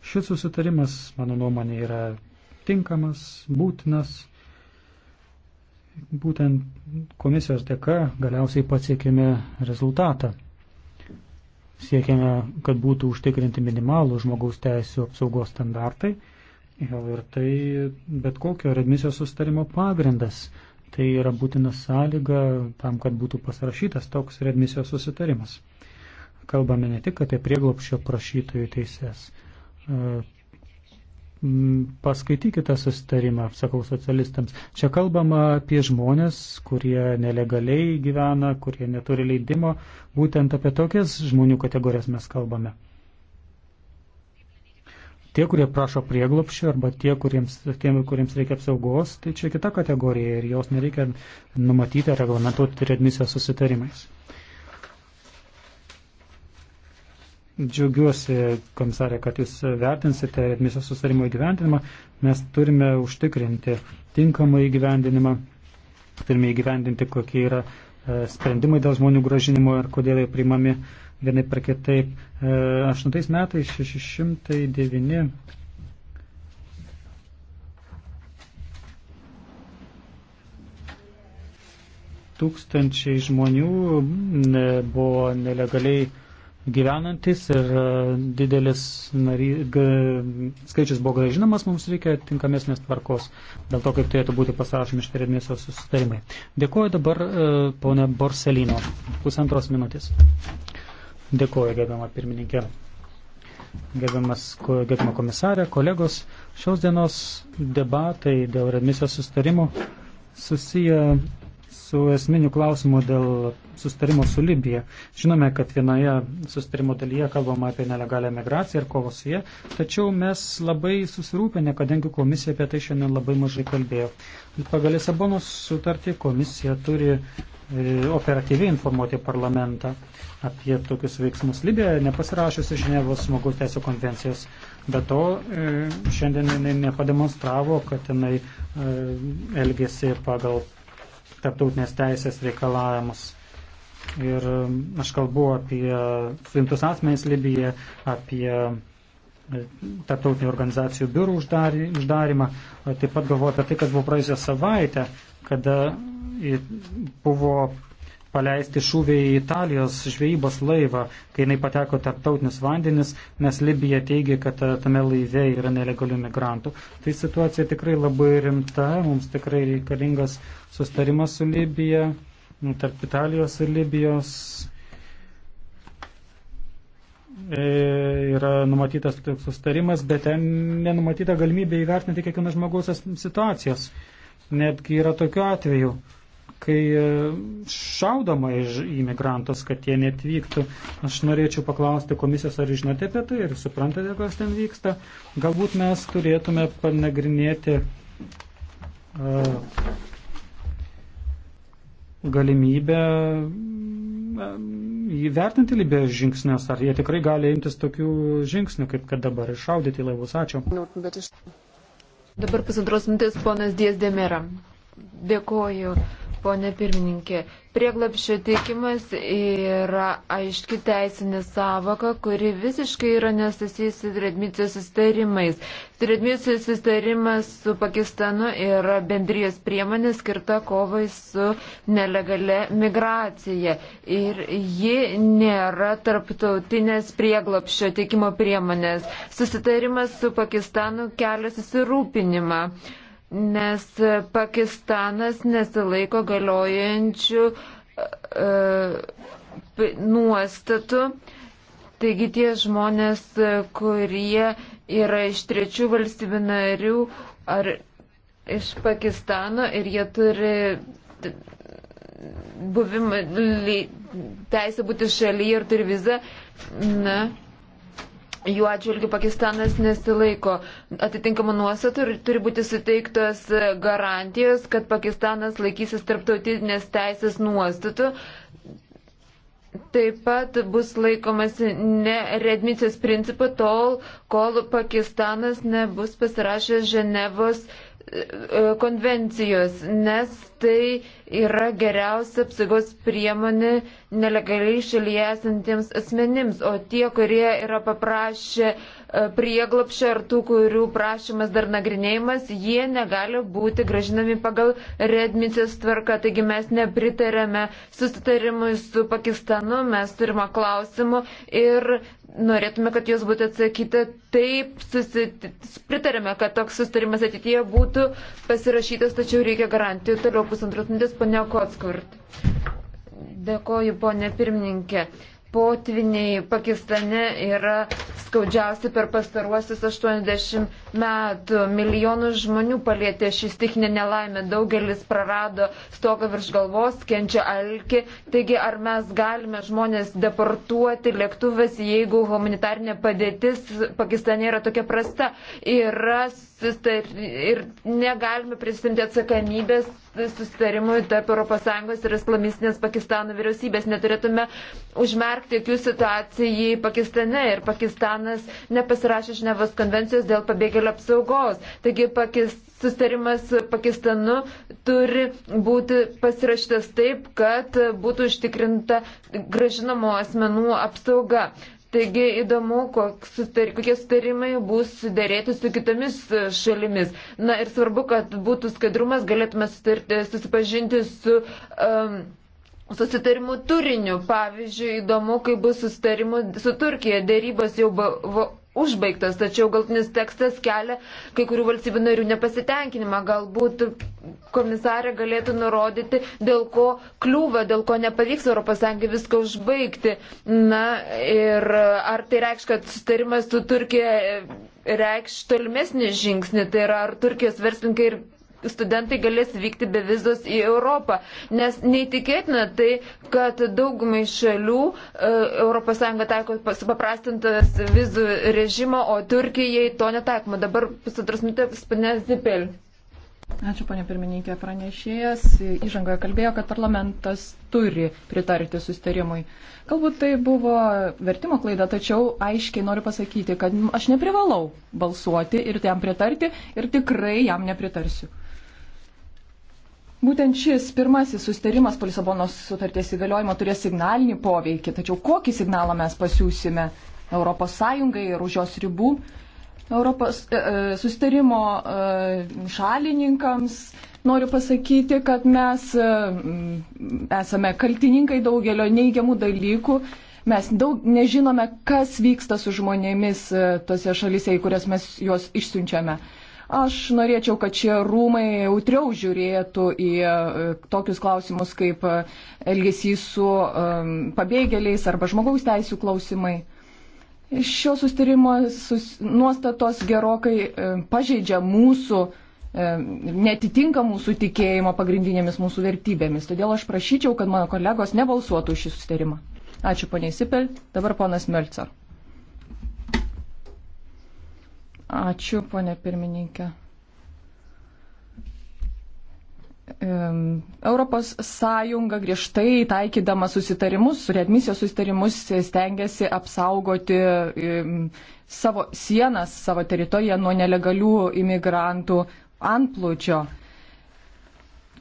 Šis susitarimas, mano nuomonė, yra tinkamas, būtinas. Būtent komisijos dėka galiausiai pasiekime rezultatą. Siekiame, kad būtų užtikrinti minimalų žmogaus teisų apsaugos standartai. Ir tai bet kokio redmisijos sustarimo pagrindas. Tai yra būtina sąlyga tam, kad būtų pasirašytas toks redmisijos susitarimas. Kalbame ne tik apie prieglopščio prašytojų teises. Mm, paskaitykite sustarimą, sakau socialistams. Čia kalbama apie žmonės, kurie nelegaliai gyvena, kurie neturi leidimo. Būtent apie tokias žmonių kategorijas mes kalbame. Tie, kurie prašo prieglopščio arba tie, kuriems, tiem, kuriems reikia apsaugos, tai čia kita kategorija ir jos nereikia numatyti ar reglamentuoti readmisijos susitarimais. Džiaugiuosi, komisarė, kad jūs vertinsite admisijos sustarimo įgyvendinimą. Mes turime užtikrinti tinkamą įgyvendinimą, turime įgyvendinti, kokie yra e, sprendimai dėl žmonių gražinimo ir kodėl jie priimami vienaip ar kitaip. 8 e, metais 609 tūkstančiai žmonių buvo nelegaliai gyvenantis ir e, didelis nary, g, skaičius buvo gražinamas, mums reikia tinkamesnės tvarkos dėl to, kaip turėtų būti pasirašomi šitie redmėsios susitarimai. Dėkuoju dabar e, ponė Borselino. Pusantros minutės. Dėkuoju, gerbiama pirmininkė. Gerbiamas, gerbiama komisarė, kolegos, šios dienos debatai dėl redmisijos sustarimų susiję su esminiu klausimu dėl sustarimo su Libija. Žinome, kad vienoje sustarimo dalyje kalbama apie nelegalią migraciją ir kovą su jie, tačiau mes labai susirūpinę, kadangi komisija apie tai šiandien labai mažai kalbėjo. Pagal Lisabonos sutartį komisija turi e, operatyviai informuoti parlamentą apie tokius veiksmus Libijoje, nepasirašiusi Ženevos žmogaus teisų konvencijos. Be to, e, šiandien jinai nepademonstravo, kad jinai e, elgėsi pagal tarptautinės teisės reikalavimus. Ir um, aš kalbu apie suimtus asmenys Libiją, apie e, tarptautinių organizacijų biurų uždarimą. Taip pat galvoju apie tai, kas buvo praėjusią savaitę, kada buvo paleisti šūviai į Italijos žvejybos laivą, kai jinai pateko tarptautinius vandenis, nes Libija teigia, kad e, tame laive yra nelegalių migrantų. Tai situacija tikrai labai rimta, mums tikrai reikalingas sustarimas su Libija, tarp Italijos ir Libijos. E, yra numatytas sustarimas, bet ten nenumatyta galimybė įvertinti kiekvienos žmogaus situacijos. Netgi yra tokių atvejų, kai e, šaudama iš imigrantus, kad jie netvyktų. Aš norėčiau paklausti komisijos, ar žinote apie tai ir suprantate, kas ten vyksta. Galbūt mes turėtume panagrinėti uh, galimybę uh, įvertinti Libijos žingsnius, ar jie tikrai gali imtis tokių žingsnių, kaip kad dabar iššaudyti laivus. Ačiū. Dabar pusantros mintis ponas Dies Demera. Dėkoju ponė pirmininkė. Prieglapščio teikimas yra aiški teisinė savoka, kuri visiškai yra nesusijusi su redmicijos sustarimais. Redmicijos sustarimas su Pakistanu yra bendrijos priemonė skirta kovai su nelegale migracija. Ir ji nėra tarptautinės prieglapščio teikimo priemonės. Susitarimas su Pakistanu kelia susirūpinimą nes Pakistanas nesilaiko galiojančių e, nuostatų. Taigi tie žmonės, kurie yra iš trečių valstybių narių ar iš Pakistano ir jie turi buvimą, teisę būti šalyje ir turi vizą, na, jų atžvilgių Pakistanas nesilaiko atitinkamų nuostatų ir turi būti suteiktos garantijos, kad Pakistanas laikysis tarptautinės teisės nuostatų. Taip pat bus laikomasi neredmicijos principų tol, kol Pakistanas nebus pasirašęs Ženevos E, konvencijos, nes tai yra geriausia apsaugos priemonė nelegaliai šalyje esantiems asmenims, o tie, kurie yra paprašę e, prieglapšio ar tų, kurių prašymas dar nagrinėjimas, jie negali būti gražinami pagal redmicijos tvarką. Taigi mes nepritarėme susitarimui su Pakistanu, mes turime klausimų ir norėtume, kad jūs būtų atsakyta taip, susit... pritarėme, kad toks sustarimas ateityje būtų pasirašytas, tačiau reikia garantijų. Toliau pusantros minutės, ponia Kotskurt. Dėkoju, ponia pirmininkė potviniai Pakistane yra skaudžiausi per pastaruosius 80 metų. Milijonų žmonių palėtė šį stichinę nelaimę, daugelis prarado stogą virš galvos, kenčia alki. Taigi ar mes galime žmonės deportuoti lėktuvės, jeigu humanitarinė padėtis Pakistane yra tokia prasta? Yra ir negalime prisimti atsakomybės susitarimui tarp ES ir islamistinės Pakistano vyriausybės. Neturėtume užmerkti jokių situacijų Pakistane ir Pakistanas nepasirašė Ženevos konvencijos dėl pabėgėlių apsaugos. Taigi Pakis, susitarimas su Pakistanu turi būti pasirašytas taip, kad būtų užtikrinta gražinamo asmenų apsauga. Taigi įdomu, kokie sutarimai bus dėrėti su kitomis šalimis. Na ir svarbu, kad būtų skaidrumas, galėtume sutarti, susipažinti su. Um, Susitarimų turiniu, pavyzdžiui, įdomu, kaip bus susitarimų su Turkija, dėrybos jau buvo užbaigtas, tačiau galtinis tekstas kelia kai kurių valstybių narių nepasitenkinimą. Galbūt komisarė galėtų nurodyti, dėl ko kliūva, dėl ko nepavyks ES viską užbaigti. Na ir ar tai reikš, kad sustarimas su Turkija reikš tolimesnį žingsnį, tai yra ar Turkijos verslininkai ir studentai galės vykti be vizos į Europą. Nes neįtikėtina tai, kad daugumai šalių ES taiko supaprastintas vizų režimo, o Turkijai to netaikoma. Dabar pusantros minutės, panė Zipel. Ačiū, ponė pirmininkė. Pranešėjas įžangoje kalbėjo, kad parlamentas turi pritarti sustarimui. Galbūt tai buvo vertimo klaida, tačiau aiškiai noriu pasakyti, kad aš neprivalau balsuoti ir tam pritarti ir tikrai jam nepritarsiu. Būtent šis pirmasis sustarimas po Lisabonos sutarties įgaliojimo turės signalinį poveikį, tačiau kokį signalą mes pasiūsime ES ir už jos ribų Europos e, e, sustarimo e, šalininkams. Noriu pasakyti, kad mes e, esame kaltininkai daugelio neigiamų dalykų. Mes daug nežinome, kas vyksta su žmonėmis e, tose šalise, į kurias mes juos išsiunčiame. E, Aš norėčiau, kad šie rūmai jautriau žiūrėtų į e, tokius klausimus kaip e, elgesys su e, pabėgėliais arba žmogaus teisų klausimai. Šio sustarimo sus, nuostatos gerokai pažeidžia mūsų netitinka mūsų tikėjimo pagrindinėmis mūsų vertybėmis. Todėl aš prašyčiau, kad mano kolegos nebalsuotų šį sustarimą. Ačiū poniai Sipel, dabar ponas Melcer. Ačiū, ponė pirmininkė. Europos Sąjunga griežtai taikydama susitarimus, readmisijos susitarimus, stengiasi apsaugoti savo sienas, savo teritoriją nuo nelegalių imigrantų antplūčio.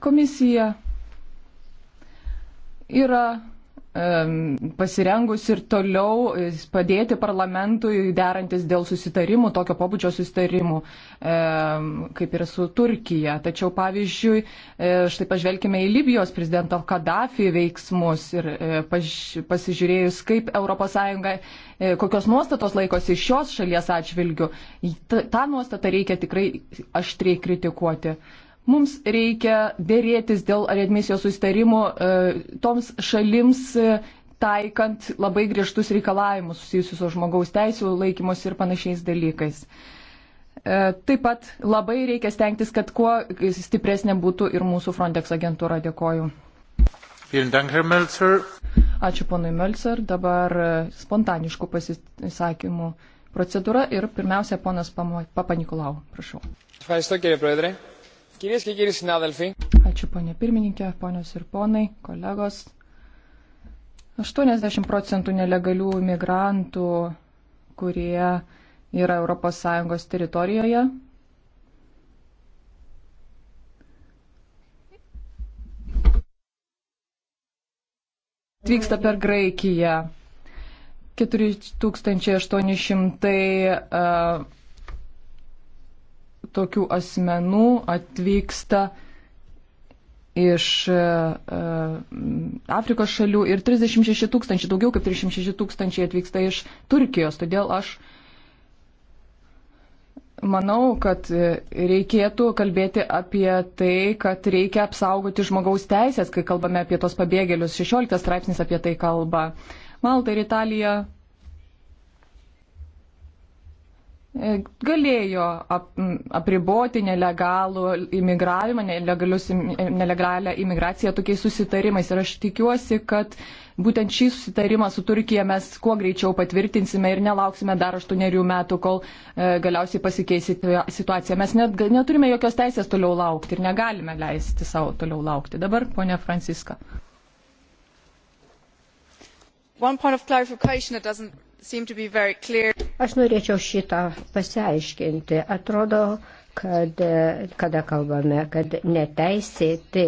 Komisija yra pasirengus ir toliau padėti parlamentui derantis dėl susitarimų, tokio pobūdžio susitarimų, kaip ir su Turkija. Tačiau, pavyzdžiui, e, štai pažvelkime į Libijos prezidento Kadafi veiksmus ir e, pasižiūrėjus, kaip ES, e, kokios nuostatos laikosi šios šalies atžvilgių, tą nuostatą reikia tikrai aštriai kritikuoti. Mums reikia dėrėtis dėl readmisijos susitarimų e, toms šalims e, taikant labai griežtus reikalavimus susijusius su žmogaus teisų laikymus ir panašiais dalykais. E, taip pat labai reikia stengtis, kad kuo stipresnė būtų ir mūsų Frontex agentūra. Dėkoju. Ačiū ponui Melcer. Dabar e, spontaniškų pasisakymų procedūra ir pirmiausia ponas Papanikolau. Prašau. Ačiū, Κυρίες και κύριοι συνάδελφοι. Ačiū ponė pirmininkė, ponios ir ponai, kolegos. 80 procentų nelegalių imigrantų, kurie yra ES teritorijoje, atvyksta per Graikiją. 4800 uh, tokių asmenų atvyksta iš e, e, Afrikos šalių ir 36 tūkstančiai, daugiau kaip 36 tūkstančiai atvyksta iš Turkijos. Todėl aš manau, kad e, reikėtų kalbėti apie tai, kad reikia apsaugoti žmogaus teisės, kai kalbame apie tos pabėgėlius. 16 straipsnis apie tai kalba. Malta ir Italija E, galėjo ap, apriboti nelegalų imigravimą, e, nelegalią imigraciją tokiais susitarimais. Ir aš tikiuosi, kad būtent šį susitarimą su Turkija mes kuo greičiau patvirtinsime ir nelauksime dar aštuonerių metų, kol e, galiausiai pasikeis situacija. Mes net, neturime jokios teisės toliau laukti ir negalime leisti savo toliau laukti. Dabar, ponia Franciska. One point of clarification that doesn't Aš norėčiau šitą pasiaiškinti. Atrodo, kad kada kalbame, kad neteisėti,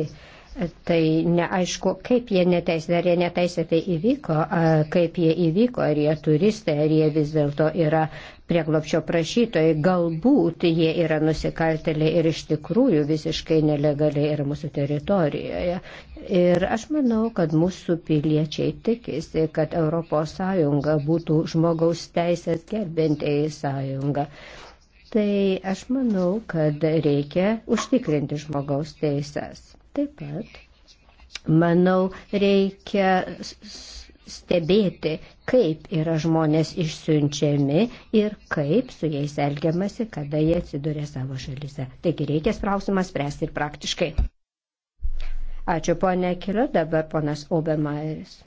tai neaišku, kaip jie neteisėti, ar jie neteisėtai įvyko, kaip jie įvyko, ar jie turistai, ar jie vis dėlto yra prieglopšio prašytojai, galbūt jie yra nusikaltėliai ir iš tikrųjų visiškai nelegaliai yra mūsų teritorijoje. Ir aš manau, kad mūsų piliečiai tikisi, kad ES būtų žmogaus teisės gerbintieji sąjunga. Tai aš manau, kad reikia užtikrinti žmogaus teisės. Taip pat, manau, reikia stebėti, kaip yra žmonės išsiunčiami ir kaip su jais elgiamasi, kada jie atsiduria savo šalyse. Taigi reikia klausimas spręsti ir praktiškai. Ačiū ponė Kilio, dabar ponas Obermaeris.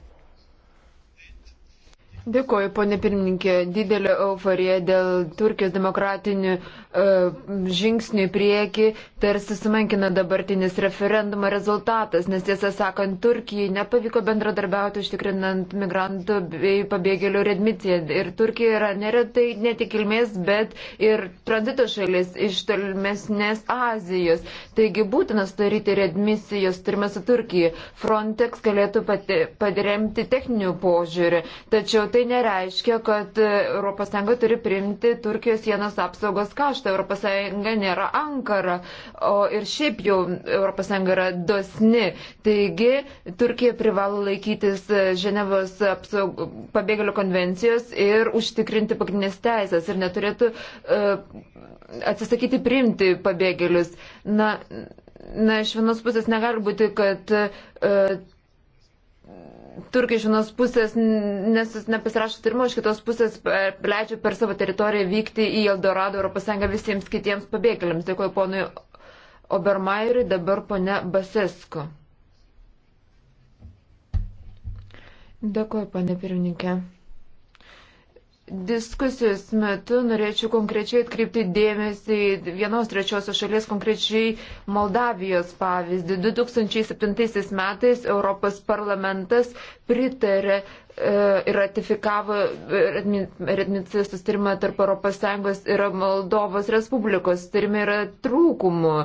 Dėkuoju, ponė pirmininkė. Didelė euforija dėl Turkijos demokratinių e, žingsnių į priekį tarsi sumenkina dabartinis referendumo rezultatas, nes tiesą sakant, Turkijai nepavyko bendradarbiauti užtikrinant migrantų bei pabėgėlių redmiciją. Ir Turkija yra neretai ne tik kilmės, bet ir tranzito šalis iš tolimesnės Azijos. Taigi būtina sudaryti redmisijos turime su Turkija. Frontex galėtų pati, padiremti techninių požiūrį. Tačiau tai nereiškia, kad ES turi priimti Turkijos sienos apsaugos kaštą. ES nėra Ankara, o ir šiaip jau ES yra dosni. Taigi Turkija privalo laikytis e, Ženevos apsaug... pabėgėlių konvencijos ir užtikrinti pagrindinės teisės ir neturėtų uh, atsisakyti priimti pabėgėlius. Na, na, iš vienos pusės negali būti, kad uh, Turkai iš vienos pusės nepasirašo tyrimo, iš kitos pusės leidžia per savo teritoriją vykti į Eldorado Europos Sąjungą visiems kitiems pabėgėliams. Dėkuoju ponui Obermairiui, dabar pone Basesko. Dėkuoju, pane pirmininkė diskusijos metu norėčiau konkrečiai atkreipti dėmesį vienos trečiosios šalies, konkrečiai Moldavijos pavyzdį. 2007 metais Europos parlamentas pritarė e, ir ratifikavo e, redmicijos sustarimą tarp ES ir Moldovos Respublikos. Sustarime yra trūkumų.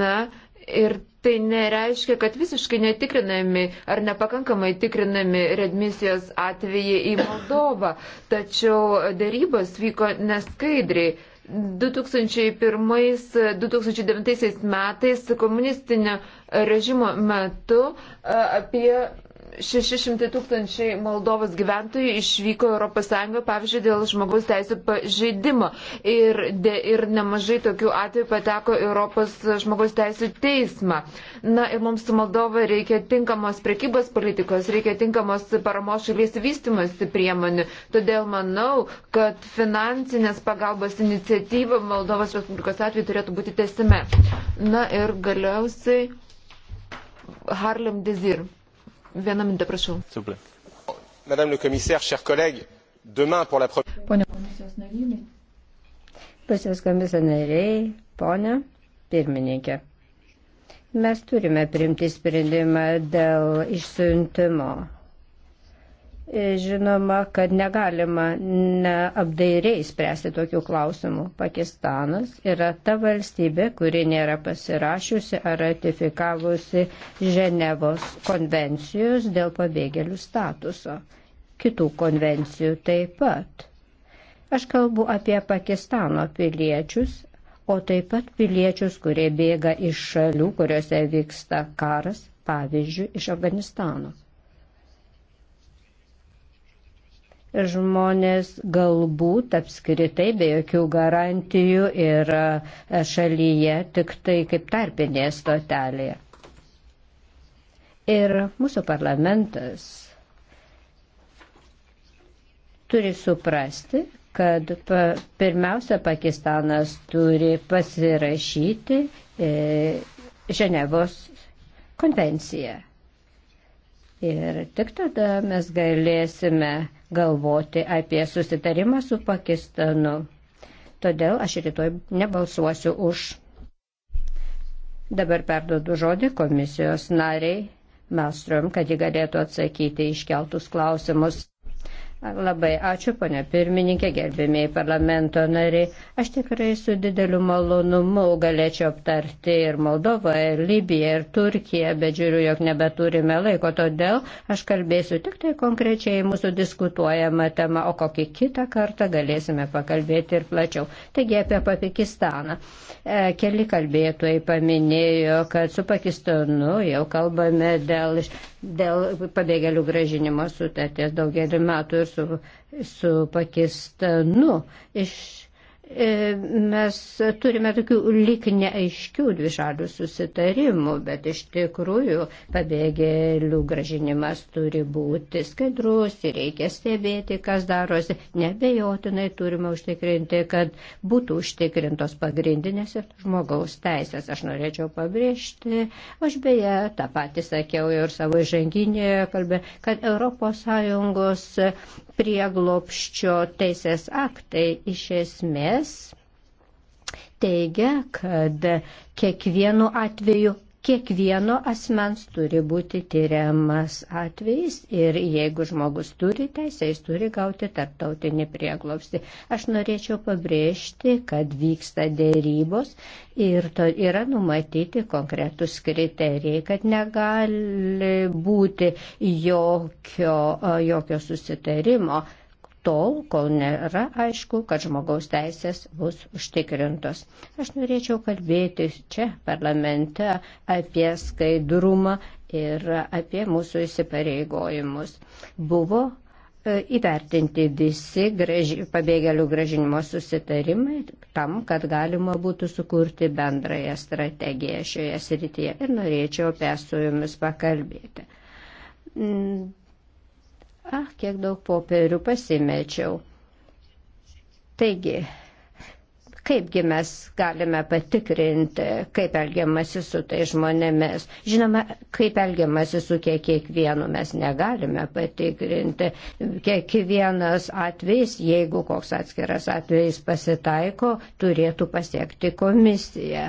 Na, Ir tai nereiškia, kad visiškai netikrinami ar nepakankamai tikrinami redmisijos atvejai į Moldovą. Tačiau dėrybos vyko neskaidriai. 2001-2009 metais komunistinio režimo metu apie 600 tūkstančiai Moldovos gyventojų išvyko ES, pavyzdžiui, dėl žmogaus teisų pažeidimo. Ir, de, ir nemažai tokių atvejų pateko Europos žmogaus teisų teismą. Na ir mums su Moldova reikia tinkamos prekybos politikos, reikia tinkamos paramos šalies vystimosi priemonių. Todėl manau, kad finansinės pagalbos iniciatyva Moldovos Respublikos atveju turėtų būti tesime. Na ir galiausiai Harlem Desir. Vieną minutę, prašau. Madame le commissaire, chers collègues, demain pour la première. Pone komisijos nariai. Pusės komisijos nariai, ponia pirmininkė. Mes turime primti sprendimą dėl išsiuntimo žinoma, kad negalima neapdairiai spręsti tokių klausimų. Pakistanas yra ta valstybė, kuri nėra pasirašiusi ar ratifikavusi Ženevos konvencijos dėl pabėgėlių statuso. Kitų konvencijų taip pat. Aš kalbu apie Pakistano piliečius, o taip pat piliečius, kurie bėga iš šalių, kuriuose vyksta karas, pavyzdžiui, iš Afganistano. žmonės galbūt apskritai be jokių garantijų yra šalyje tik tai kaip tarpinė stotelė. Ir mūsų parlamentas turi suprasti, kad pirmiausia Pakistanas turi pasirašyti e, Ženevos konvenciją. Ir tik tada mes galėsime galvoti apie susitarimą su Pakistanu. Todėl aš rytoj nebalsuosiu už. Dabar perduodu žodį komisijos nariai Melstrom, kad ji galėtų atsakyti iškeltus klausimus. Labai ačiū, ponia pirmininkė, gerbėmiai parlamento nariai. Aš tikrai su dideliu malonumu galėčiau aptarti ir Moldovą, ir Libiją, ir Turkiją, bet žiūriu, jog nebeturime laiko, todėl aš kalbėsiu tik tai konkrečiai mūsų diskutuojama tema, o kokį kitą kartą galėsime pakalbėti ir plačiau. Taigi apie Pakistaną. E, keli kalbėtojai paminėjo, kad su Pakistanu jau kalbame dėl dėl pabėgėlių gražinimo sutarties daugelį metų ir su, su Pakistanu. Iš E, mes turime tokių lik neaiškių dvišalių susitarimų, bet iš tikrųjų pabėgėlių gražinimas turi būti skaidrus ir reikia stebėti, kas darosi. Nebejotinai turime užtikrinti, kad būtų užtikrintos pagrindinės ir žmogaus teisės. Aš norėčiau pabrėžti, aš beje tą patį sakiau ir savo įžanginėje kalbė, kad ES prieglopščio teisės aktai iš esmės tyrimas teigia, kad kiekvienu atveju kiekvieno asmens turi būti tyriamas atvejis ir jeigu žmogus turi teisę, jis turi gauti tarptautinį prieglobstį. Aš norėčiau pabrėžti, kad vyksta dėrybos ir to yra numatyti konkretus kriterijai, kad negali būti jokio, jokio susitarimo tol, kol nėra aišku, kad žmogaus teisės bus užtikrintos. Aš norėčiau kalbėti čia parlamente apie skaidrumą ir apie mūsų įsipareigojimus. Buvo e, įvertinti visi graži, pabėgėlių gražinimo susitarimai tam, kad galima būtų sukurti bendrąją strategiją šioje srityje ir norėčiau apie su jumis pakalbėti mm, Ah, kiek daug popierių pasimečiau. Taigi, Kaipgi mes galime patikrinti, kaip elgiamasi su tai žmonėmis. Žinoma, kaip elgiamasi su kiek, kiekvienu mes negalime patikrinti. Kiekvienas atvejs, jeigu koks atskiras atvejs pasitaiko, turėtų pasiekti komisiją.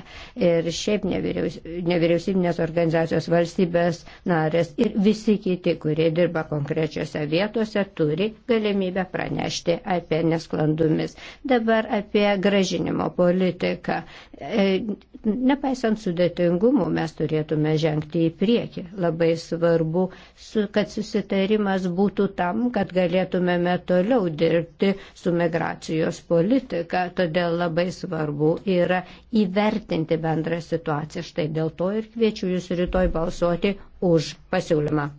Ir šiaip nevyriaus, nevyriausybinės organizacijos valstybės narės ir visi kiti, kurie dirba konkrečiose vietose, turi galimybę pranešti apie nesklandumis. Dabar apie gražinimą mažinimo politiką. E, nepaisant sudėtingumų, mes turėtume žengti į priekį. Labai svarbu, kad susitarimas būtų tam, kad galėtumėme toliau dirbti su migracijos politika. Todėl labai svarbu yra įvertinti bendrą situaciją. Štai dėl to ir kviečiu jūs rytoj balsuoti už pasiūlymą.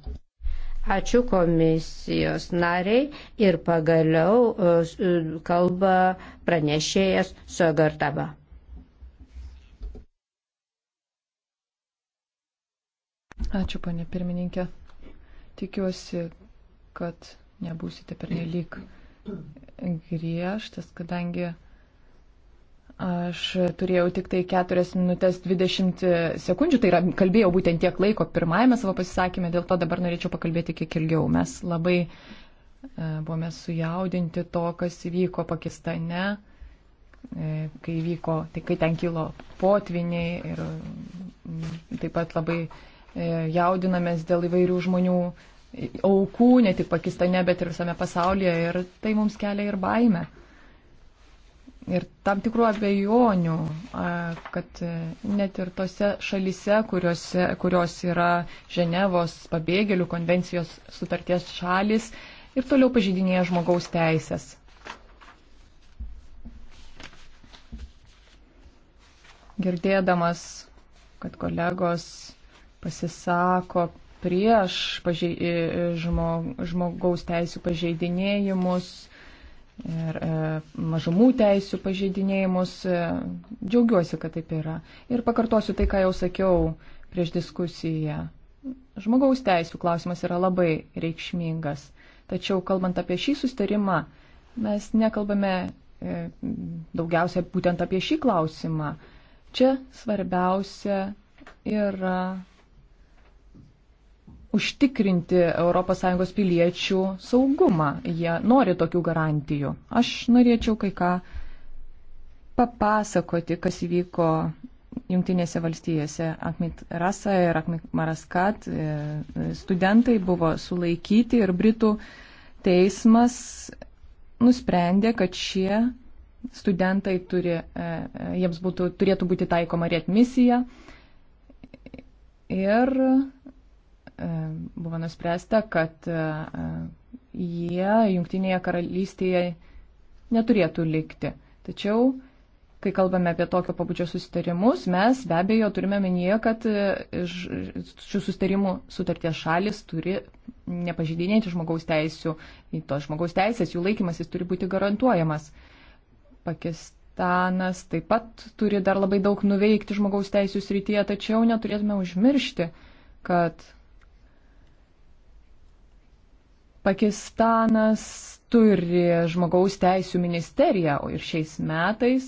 Ačiū komisijos nariai ir pagaliau e, e, kalba pranešėjas Sogartaba. Ačiū, ponė pirmininkė. Tikiuosi, kad nebūsite pernelyg griežtas, kadangi Aš turėjau tik tai 4 minutės 20 sekundžių, tai yra kalbėjau būtent tiek laiko pirmajame savo pasisakymė, dėl to dabar norėčiau pakalbėti kiek ilgiau. Mes labai e, buvome sujaudinti to, kas įvyko Pakistane, e, kai, vyko, tai kai ten kilo potviniai ir mm, taip pat labai e, jaudinamės dėl įvairių žmonių aukų, ne tik Pakistane, bet ir visame pasaulyje ir tai mums kelia ir baime ir tam tikrų abejonių, kad net ir tose šalise, kuriuose, kurios yra Ženevos pabėgėlių konvencijos sutarties šalis, ir toliau pažydinėja žmogaus teisės. Girdėdamas, kad kolegos pasisako prieš pažei, žmo, žmogaus teisų pažeidinėjimus, ir e, mažumų teisų pažeidinėjimus. E, džiaugiuosi, kad taip yra. Ir pakartosiu tai, ką jau sakiau prieš diskusiją. Žmogaus teisų klausimas yra labai reikšmingas. Tačiau, kalbant apie šį sustarimą, mes nekalbame e, daugiausia būtent apie šį klausimą. Čia svarbiausia yra užtikrinti ES piliečių saugumą. Jie nori tokių garantijų. Aš norėčiau kai ką papasakoti, kas įvyko Junktinėse valstijose. Akmit Rasa ir Akmit Maraskat e, studentai buvo sulaikyti ir Britų teismas nusprendė, kad šie studentai turi, e, e, jiems būtų, turėtų būti taikoma readmisija. Ir E, buvo nuspręsta, kad e, jie Junktinėje karalystėje neturėtų likti. Tačiau, kai kalbame apie tokio pabudžio susitarimus, mes be abejo turime minėję, kad e, šių susitarimų sutarties šalis turi nepažydinėti žmogaus teisų. Tos žmogaus teisės, jų laikymasis turi būti garantuojamas. Pakistan. Pakistanas taip pat turi dar labai daug nuveikti žmogaus teisų srityje, tačiau neturėtume užmiršti, kad Pakistanas turi žmogaus teisų ministeriją ir šiais metais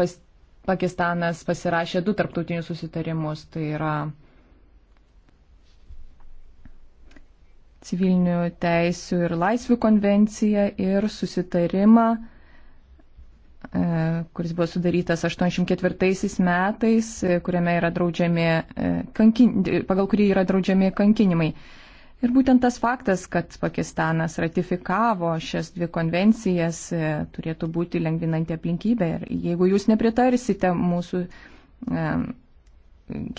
pas, Pakistanas pasirašė du tarptautinius susitarimus. Tai yra civilinių teisų ir laisvių konvenciją ir susitarimą, e, kuris buvo sudarytas 84 metais, kuriame yra draudžiami, e, kankin, pagal kurį yra draudžiami kankinimai. Ir būtent tas faktas, kad Pakistanas ratifikavo šias dvi konvencijas, e, turėtų būti lengvinanti aplinkybė. Ir jeigu jūs nepritarsite mūsų e,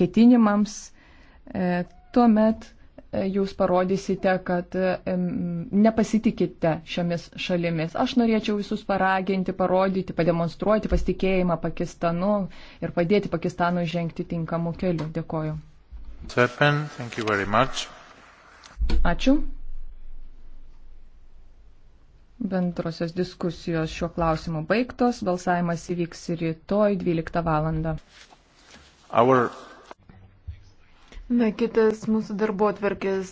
ketinimams, e, tuomet jūs parodysite, kad nepasitikite šiomis šalimis. Aš norėčiau visus paraginti, parodyti, pademonstruoti pasitikėjimą Pakistanu ir padėti Pakistanui žengti tinkamų kelių. Dėkoju. Serpen, Ačiū. Bendrosios diskusijos šiuo klausimu baigtos. Balsavimas įvyks rytoj 12 val. Our... Na, kitas mūsų darbo atverkės